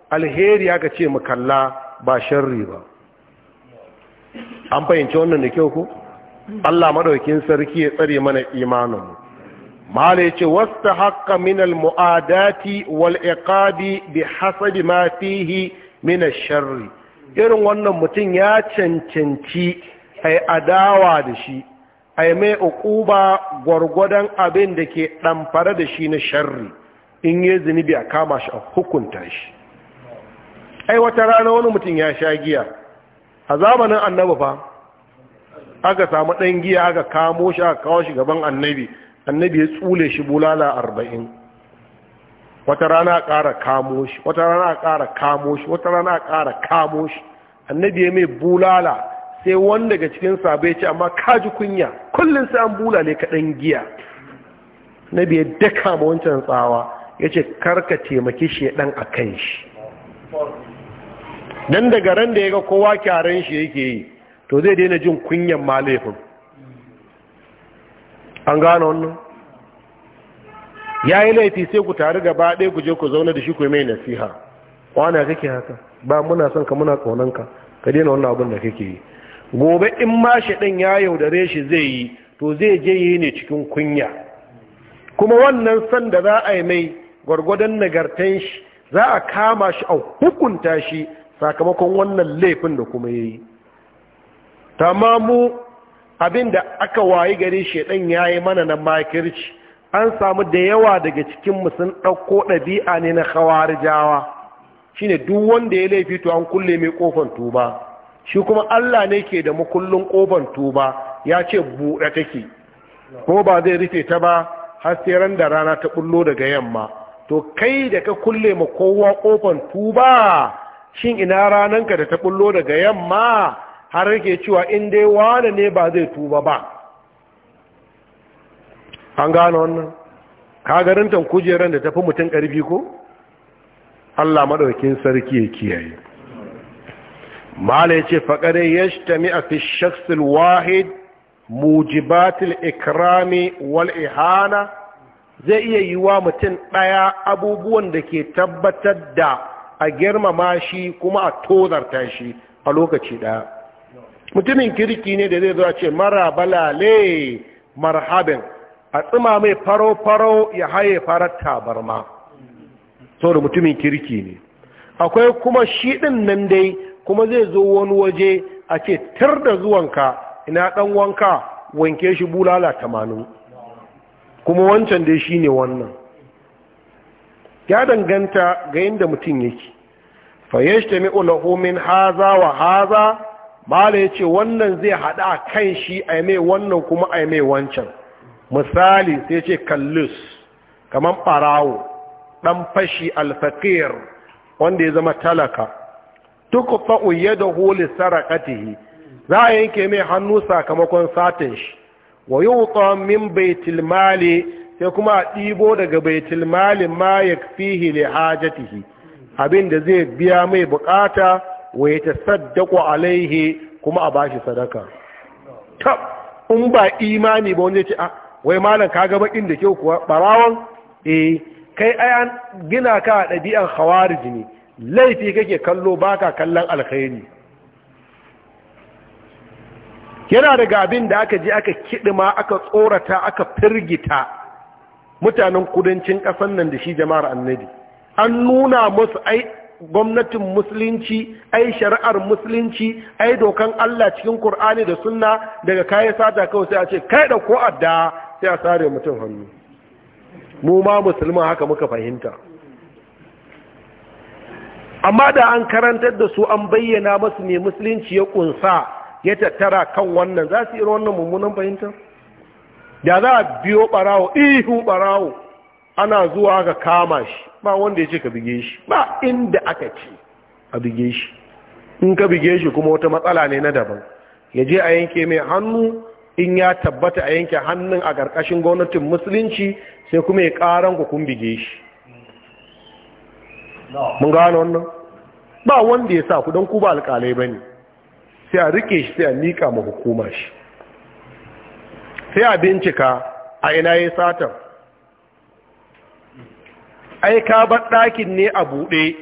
alheri aka ce mu kalla ba sharri ba an fahimci wannan da kyau ku. Allah madaukin sarki ya tsare mana imaninmu mala yace wasta haqqa min al muadati wal iqabi bi hasabi ma fihi min sharri irin wannan mutum ya cancanci ai adawa da shi ai mai uquba gwargwadon abin da ke fara da shi na sharri in yi zunubi a kama shi a hukunta shi ai wata rana wani mutum ya sha giya a zamanin annabi fa aka samu ɗan giya aka kamo shi aka kawo shi gaban annabi annabi ya tsule shi bulala arba'in wata rana a ƙara kamo shi wata rana a ƙara kamo shi wata rana a ƙara kamo shi annabi ya mai bulala sai wanda daga cikin sabai ce amma kaji kunya kullum sai an bulale ka ɗan giya annabi ya daka ma wancan tsawa ya ce karka taimaki shedan a kan shi Nan daga ran da ya ga kowa kyaran shi yake yi to zai daina jin kunyan ma an gano wannan ya yi laifi sai ku tare gaba ɗaya ku je ku zauna da shi ku mai nasiha wana kake haka ba muna son ka muna ƙaunanka ka daina wannan abin da kake yi gobe in ma shi ɗin ya yaudare shi zai yi to zai je yi ne cikin kunya kuma wannan san da za a yi mai gwargwadon nagartan shi za a kama shi a hukunta shi sakamakon wannan laifin da kuma yayi tamamu abinda aka wayi gare ya yi mana na makirci an samu da yawa daga cikin sun ɗauko ɗabi'a ne na khawarijawa ne duk wanda ya laifi to an kulle mai ƙofan tuba shi kuma Allah ne ke da makullin ƙofan tuba ya ce buɗe take ko ba zai rufe ta ba har sai ran da rana ta ɓullo daga yamma to kai da ka kulle ma kowa ƙofan tuba shin ina ranarka da ta bullo daga yamma har yake cewa in dai wane ne ba zai tuba ba an gano wannan kagarintan kujeran da tafi mutum ƙarfi ko Allah maɗaukin sarki ya kiyaye mala yace faqad yajtami fi shakhs wahid mujibat alikrami wal ihana zai iya yiwa mutum ɗaya abubuwan da ke tabbatar da a girmama shi kuma a tozarta shi a lokaci ɗaya mutumin kirki ne da zai zo a ce mara balale marhabin a tsima mai faro-faro ya haye farar tabarma da mutumin kirki ne akwai kuma shi ɗin nan dai kuma zai zo wani waje a ce tar da zuwanka ina ɗan wanka wanke shi bulala tamanin kuma wancan dai shi ne wannan ya danganta ga yadda mutum yake fayyashta mai min haza wa haza ya ce wannan zai a kan shi ai mai wannan kuma a mai wancan misali sai ce kallus kamar farawo ɗan fashi alfakir wanda ya zama talaka yadda yadahu li sarakatihi za a yanke mai hannu sakamakon satin shi wa yuta min baitil mali sai kuma a ɗibo daga bai malin ma ya fihi li hajatihi abin da zai biya mai bukata wa ya tasaddaqu alaihi kuma a bashi sadaka tab in ba imani ba wanda ce a ah, wai malam kaga bakin da kyau kuwa barawon eh kai ayan gina ka a ɗabi'an khawarij ne laifi kake kallo baka kallon alkhairi yana daga abin da aka je aka kiɗima aka tsorata aka firgita mutanen kudancin ƙasar nan da shi jama'ar annabi an nuna musu ai gwamnatin musulunci ai shari'ar musulunci ai dokan Allah cikin Kur'ani da sunna daga kayan sata kawai sai a ce kai da ko adda sai a sare mutum hannu mu ma musulma haka muka fahimta amma da an karantar da su an bayyana musu ne musulunci ya kunsa ya tattara kan wannan za su yi wannan mummunan fahimtar da za a biyo barawo ihu barawo ana zuwa ga kama shi ba wanda ya ce ka bige shi ba inda aka ce a bige shi in ka bige shi kuma wata matsala ne na daban ya je a yanke mai hannu in ya tabbata a yanke hannun a ƙarƙashin gwamnatin musulunci sai kuma ya ƙaran ku kun bige shi mun gano wannan ba wanda ya sa ku don ku ba alƙalai ba ne sai a rike shi sai a miƙa ma hukuma shi sai a bincika a ina yi satar ai ka ɗakin ne a buɗe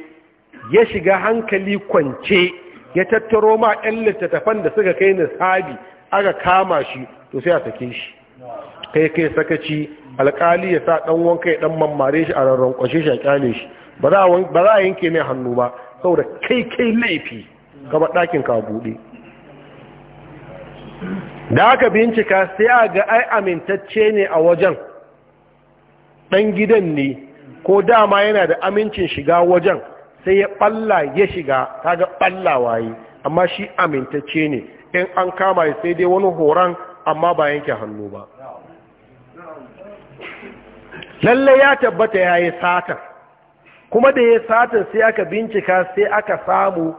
ya shiga hankali kwance ya tattaro ma ɗan littattafan da suka kai nisabi aka kama shi to sai a sake shi kai kai sakaci alkali ya sa ɗan wanka ya ɗan mammare shi a rarran kwashe shi a kyale shi ba za a yanke mai hannu ba saboda kai kai laifi ka ɗakin ka buɗe da aka bincika sai a ga ai amintacce ne a wajen ɗan gidan ne ko dama yana da amincin shiga wajen sai ya balla ya shiga ga ɓallawa yi amma shi amintacce ne in an kama sai dai wani horon amma ba yanke hannu ba lalle ya tabbata ya yi satar kuma da ya satar sai aka bincika sai aka samu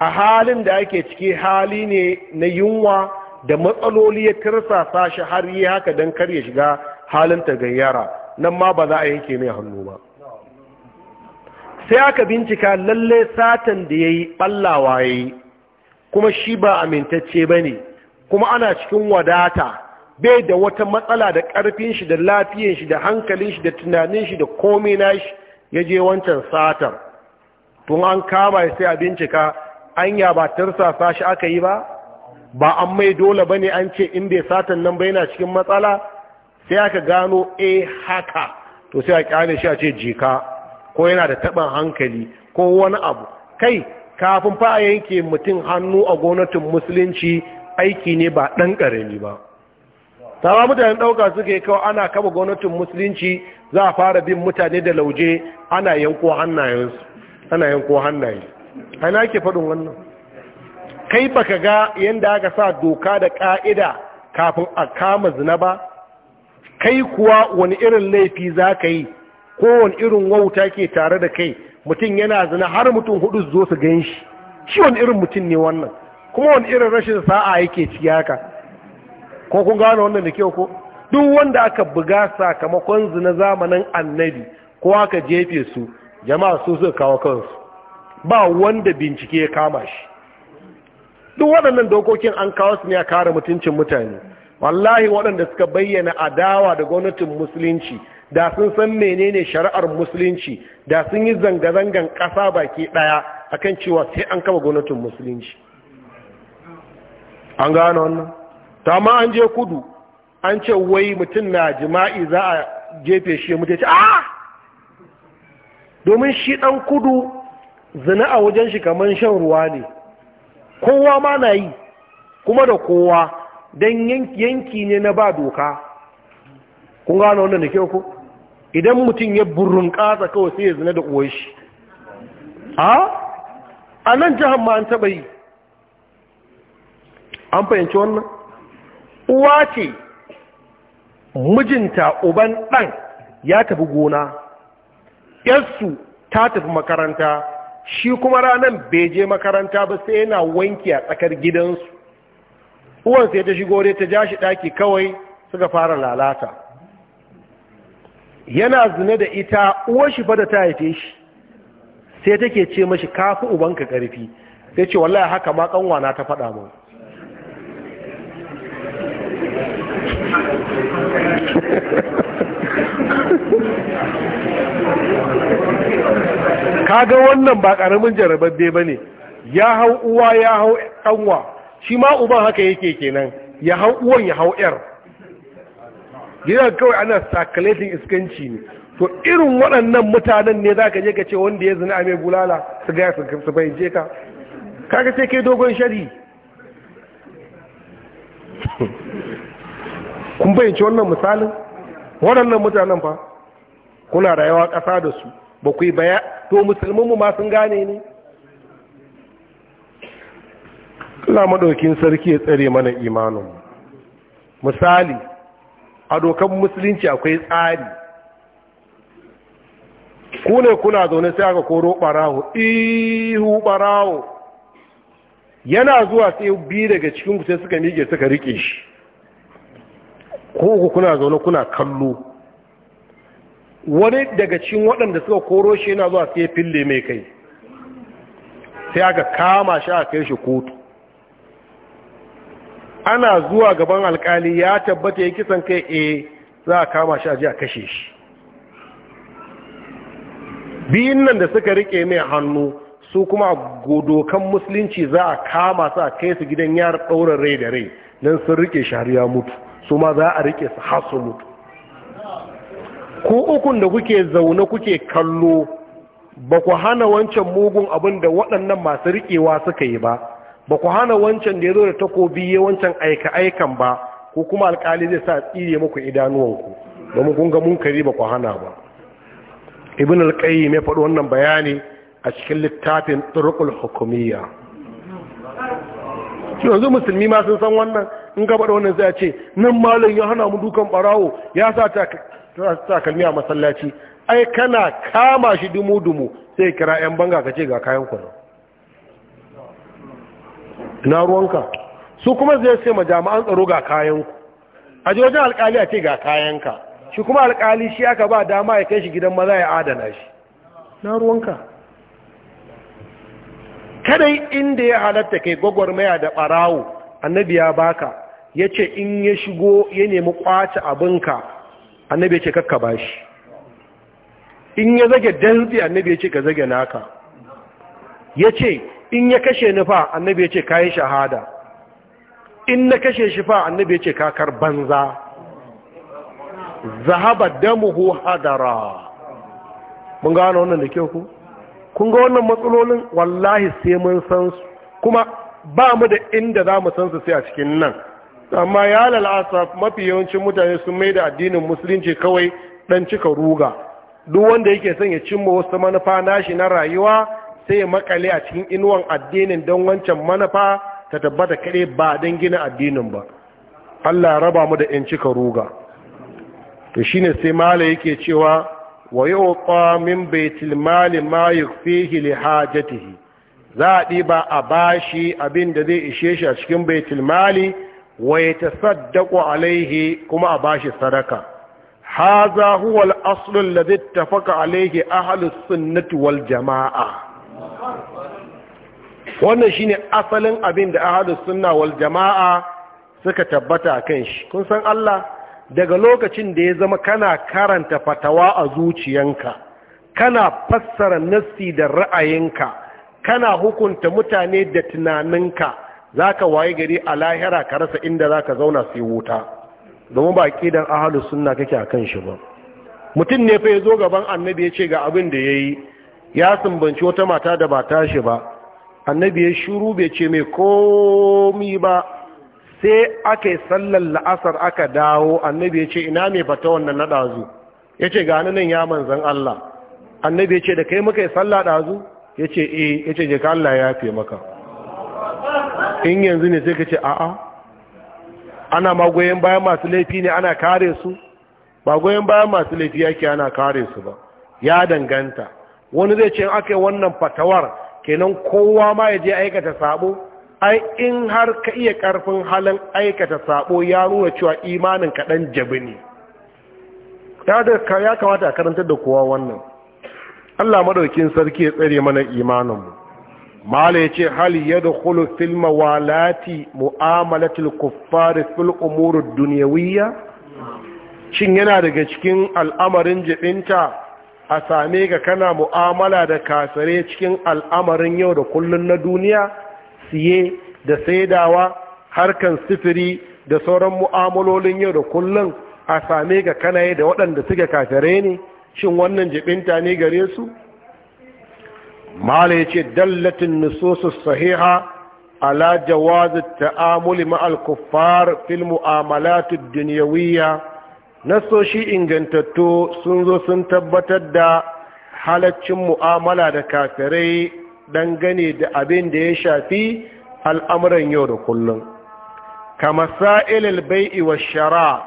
a halin da ake ciki hali ne na yunwa da matsaloli ya tirsasa shi har yi haka don kar ya shiga halin tagayyara nan ma ba za a yanke mai hannu ba sai aka bincika lalle satan da ya yi ɓallawa ya yi kuma shi ba amintacce ba ne kuma ana cikin wadata bai da wata matsala da ƙarfin shi da lafiyan shi da hankalin shi da tunanin shi da komai na shi ya je wancan satar tun an kama sai a bincika anya ba tarsasa shi aka yi ba ba an mai dole ba ne an ce in bai satan nan bai na cikin matsala sai aka gano a eh, haka to sai a kyale shi a ce jika ko yana da taban hankali ko wani abu kai kafin fa a yanke mutum hannu a gonatin musulunci aiki ne ba ɗan ƙarami ba tawa mutane ɗauka suke kawai ana kaba gwamnatin musulunci za a fara bin mutane da lauje ana yanko hannayensu ana yanko hannaye ana ke faɗin wannan kai baka ga yadda aka sa doka da ƙa'ida kafin a kama zina ba kai kuwa wani irin laifi za ka yi ko wani irin wauta ke tare da kai mutum yana zina har mutum hudu zo su gan shi shi wani irin mutum ne wannan kuma wani irin rashin sa'a yake ciyaka. ko kun gano wannan da kyau ko duk wanda aka buga sakamakon zina zamanin annabi ko aka jefe su jama'a su suka kawo kansu ba wanda bincike ya kama shi duk waɗannan dokokin an kawo su ne a kare mutuncin mutane wallahi waɗanda suka bayyana adawa da gwamnatin musulunci da sun san menene shari'ar musulunci da sun yi zanga-zangan ƙasa baki ɗaya akan cewa sai an kama gwamnatin musulunci an gano wannan ta ma an je kudu an ce wai mutum na jima'i za a jefe shi mutum ce a ah! domin shi ɗan kudu zina a wajen shi kamar shan ruwa ne kowa ma na yi kuma da kowa don yanki ne na ba doka kun gano wanda da kyau ko idan mutum ya burin ƙasa kawai sai ya zina da uwar shi a a nan jihar ma an taba yi an fahimci wannan uwa ce mijinta uban ɗan ya tafi gona yarsu ta tafi makaranta shi kuma ranar bai je makaranta ba sai yana wanki a tsakar gidansu uwan sai ta shigo dai ta ja shi ɗaki kawai suka fara lalata yana zina da ita uwar shi fada ta haife shi sai take ce mashi kafi ubanka karfi sai ce wallahi haka ma kanwana ta faɗa mu kaga wannan ba karamin jarababbe bane ya hau uwa ya hau kanwa shi ma uban haka yake kenan ya hau uwan ya hau yar gidan kawai ana circulating iskanci ne to irin waɗannan mutanen ne zaka je ka ce wanda ya zina mai bulala su ga su fahimce ka kaga sai kai dogon shari kun fahimci wannan misalin waɗannan mutanen fa kuna rayuwa ƙasa da su ba ku yi baya to musulmanmu ma sun gane ne Allah madaukin sarki ya tsare mana imanin misali a dokan musulunci akwai tsari ku ne kuna zaune sai aka koro barawo ihu barawo yana zuwa sai biyu daga cikin sai suka mige suka rike shi ko kuna zaune kuna kallo wani daga cikin waɗanda suka koro shi yana zuwa sai fille mai kai sai aka kama shi a kai shi kotu ana zuwa gaban alkali ya tabbata ya kisan kai a eh, za a kama shi a ji a kashe shi biyun nan da suka rike mai hannu su kuma godokan musulunci za a kama su a kai su gidan yara ɗaurin rai da rai don sun rike shari'a mutu su ma za a rike su hasu mutu ku ukun da kuke zaune kuke kallo ba ku hana wancan mugun abin da waɗannan masu riƙewa suka yi ba ba ku hana wancan da ya zo da takobi ya wancan aika-aikan ba ko kuma alƙali zai sa tsire muku idanuwanku domin kun ga munkari ba ku hana ba ibn alƙayi mai faɗi wannan bayani a cikin littafin turkul hukumiyya yanzu musulmi ma sun san wannan in gaba da wannan zai ce nan malam ya hana mu dukan barawo ya sa ta ta takalmi a masallaci ai kana kama shi dumu-dumu sai kira 'yan banga ka ce ga kayan ku na ruwanka su kuma zai sai ma jami'an tsaro ga kayanku a ji wajen alkali a ce ga kayanka shi kuma alkali shi aka ba dama ya kai shi gidan maza ya adana shi na ruwanka kadai inda ya halatta kai gwagwarmaya da barawo annabi ya baka ya ce in ya shigo ya nemi kwace abinka annabi ya ce kakka shi in ya zage dantsi annabi ya ce ka zage naka ya ce in ya kashe ni fa annabi ya ce ka yi shahada in na kashe shi fa annabi ya ce kakar banza zahaba damuhu hadara mun gano wannan da kyau ku kun ga wannan matsalolin wallahi sai mun san su kuma ba mu da inda za mu san su sai a cikin nan amma ya lalasa mafi yawancin mutane sun mai da addinin musulunci kawai dan cika ruga duk wanda yake son ya cimma wasu manufa nashi na rayuwa sai ya makale a cikin inuwan addinin don wancan manufa ta tabbata kare ba don gina addinin ba Allah ya raba mu da yan cika ruga to shine sai mala yake cewa wa yuqa min baitil mali ma yukfihi li hajatihi za a ɗiba a bashi abin da zai ishe shi a cikin baitul mali wa saddaƙo alaihi kuma a bashi sadaka haza huwa al-asl alladhi ittafaqa alaihi ahlus sunnati wal jamaa wannan shine asalin abin da ahlus sunna wal jamaa suka tabbata kan shi kun san Allah daga lokacin da ya zama kana karanta fatawa a zuciyanka kana fassara nassi da ra'ayinka kana hukunta mutane da tunaninka za ka waye gari a lahira ka rasa inda za ka zauna sai wuta domin ba ƙidan ahalus sunna kake a kan shi ba mutum ne fa ya zo gaban annabi ya ce ga abin da ya yi ya sumbanci wata mata da ba shi ba annabi ya shuru bai ce mai komi ba sai aka yi sallar la'asar aka dawo annabi ya ce ina mai fata wannan na ɗazu ya ce gani nan ya manzan Allah annabi ya ce da kai muka yi sallah ɗazu ya ce eh ya ce Allah ya fi maka in yanzu ne sai ka ce a'a ana ma bayan masu laifi ne ana kare su ba goyon bayan masu laifi yake ana kare su ba ya danganta wani zai ce aka yi wannan fatawar kenan kowa ma ya je aikata sabo ai in har ka iya karfin halin aikata sabo ya nuna cewa imanin kaɗan jabi ne ya kamata a karantar da kowa wannan Allah madaukin sarki ya tsare mana imaninmu mala ya ce hal ya kulu filma walati mu'amalatul kuffari fil umuru duniyawiyya shin yana daga cikin al'amarin jibinta a same ka kana mu'amala da kasare cikin al'amarin yau da kullun na duniya siye da saidawa harkan sifiri da sauran mu'amalolin yau da kullun a same ka kana da waɗanda suke kasare ne shin wannan jibinta ne gare su mala yace dallatin nususus sahiha ala jawaz ta'amuli taamul ma'al kuffar fil mu'amalat dunyawiyya nasoshi ingantattu sun zo sun tabbatar da halaccin mu'amala da kafirai dangane da abin da ya shafi al'amuran yau da kullum kama sa'ilil bai'i wa shara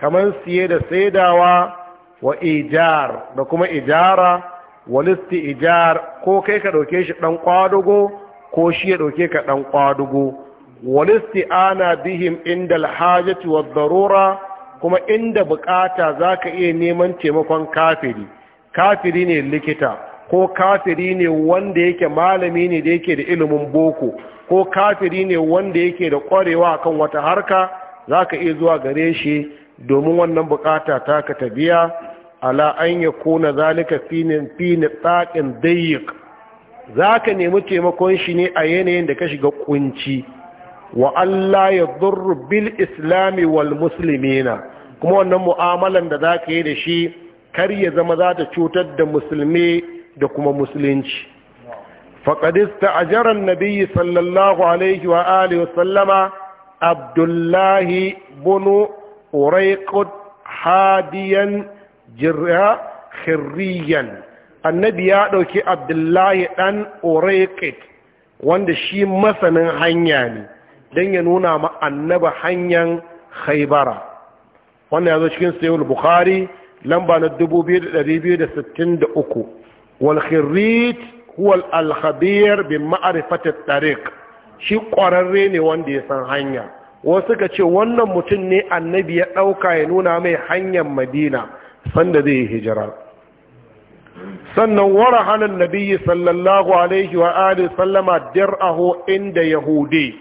kamar siye da saidawa wa ijar da kuma ijara walisti ijar ko kai ka ɗauke shi ɗan ƙwadugo ko shi ya ɗauke ka ɗan ƙwadugo walisti ana bihim inda alhajati wa darura kuma inda bukata zaka iya neman taimakon kafiri kafiri ne likita ko kafiri ne wanda yake malami ne da yake da ilimin boko ko kafiri ne wanda yake da ƙwarewa kan wata harka zaka iya zuwa gare shi domin wannan bukata ta ka tabiya ala an ya kona zalika finin tsakin dayyik za ka nemi taimakon shi ne a yanayin da ka shiga kunci wa Allah ya zurru bil islami wal musulmina kuma wannan mu'amalan da za ka yi da shi kar ya zama za ta cutar da musulmi da kuma musulunci faƙadista a jaran nabi sallallahu alaihi wa alihi wasallama abdullahi bunu uraikut hadiyan jirya khirriyan annabi ya ɗauki abdullahi ɗan oraiqit wanda shi masanin hanya ne don ya nuna ma annaba hanyar haibara wannan ya zo cikin sayul bukhari lamba na 2263 wal khirrit huwa al khabir tariq shi ƙwararre ne wanda ya san hanya wasu ka ce wannan mutum ne annabi ya ɗauka ya nuna mai hanyar madina sanda zai yi hijira sannan wara hannun nabiyyi sallallahu alaihi wa alihi sallama dir'ahu inda yahudi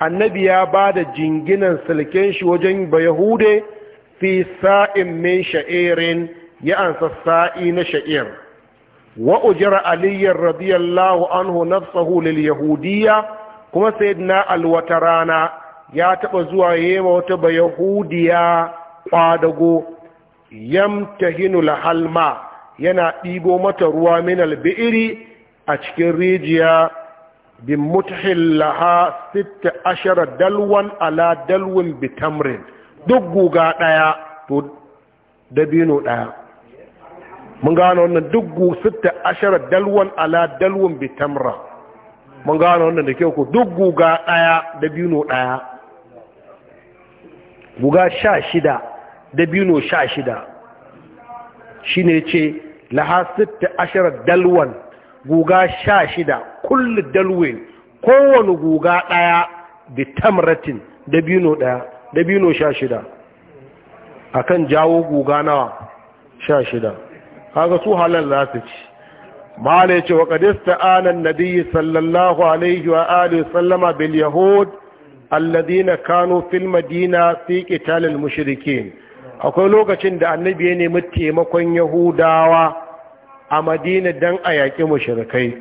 annabi ya ba da jinginan silken shi wajen ba yahude fi sa'in min sha'irin ya ansa sa'i na sha'ir wa ujira aliyyar radiyallahu anhu nafsahu lil yahudiya kuma sayyidina alwatarana ya taba zuwa yema wata ba yahudiya kwadago yamtahinu halma yana ɗigo mata ruwa min albi'iri a cikin rijiya bin mutahil laha sitta ashara dalwan ala dalwin bitamrin duk guga ɗaya to dabino ɗaya mun gano wannan duk gu sitta ashara dalwan ala dalwin bitamra mun gano wannan da kyau ko duk guga ɗaya dabino ɗaya guga sha shida dabino sha shida shi ne ce lahasitta ashirar dalwan guga sha shida kullu dalwin kowane guga ɗaya da tamratin dabino ɗaya dabino sha shida a kan jawo guga nawa sha shida haka su halar za su ci ma'ala ya ce wa ƙadista anan nabi sallallahu alaihi wa alihi sallama bil yahud alladina kano fil madina fi qitalil mushrikin akwai lokacin da annabi ya nemi taimakon yahudawa a madina don a yaƙi mashirkai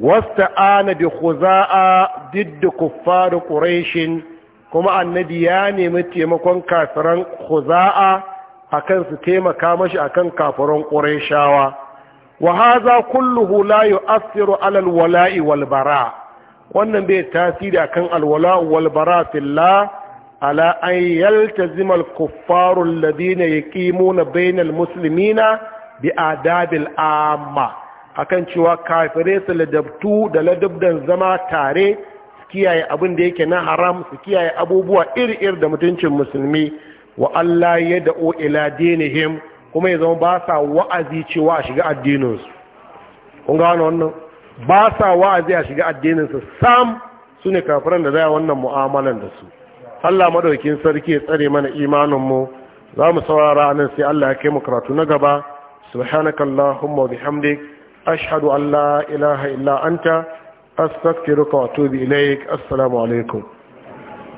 wasta ana bi khuza'a didda kuffar ƙureshin kuma annabi ya nemi taimakon kafiran a akan su taimaka mashi akan kafiran ƙureshawa wa kullu kulluhu la yu'athiru alalwala'i walbara walai wal wannan bai tasiri akan alwala walbara wal bara' fillah ala an يلتزم الكفار الذين يقيمون بين المسلمين muslimina bi amma akan cewa kafirai su ladabtu da ladabdan zama tare su kiyaye abin da yake na haram su kiyaye abubuwa iri-iri da mutuncin musulmi wa Allah ya da'o ila dinihim kuma ya zama ba sa wa'azi cewa a shiga addininsu kun gano wannan ba sa wa'azi a shiga addininsu sam su ne kafiran da za a wannan mu'amalan da su Allah madaukin sarki ya tsare mana imanin mu za mu saurara nan sai Allah ya kai mu karatu na gaba subhanakallahumma wa bihamdik ashhadu an la ilaha illa anta astaghfiruka wa atubu ilaik assalamu alaikum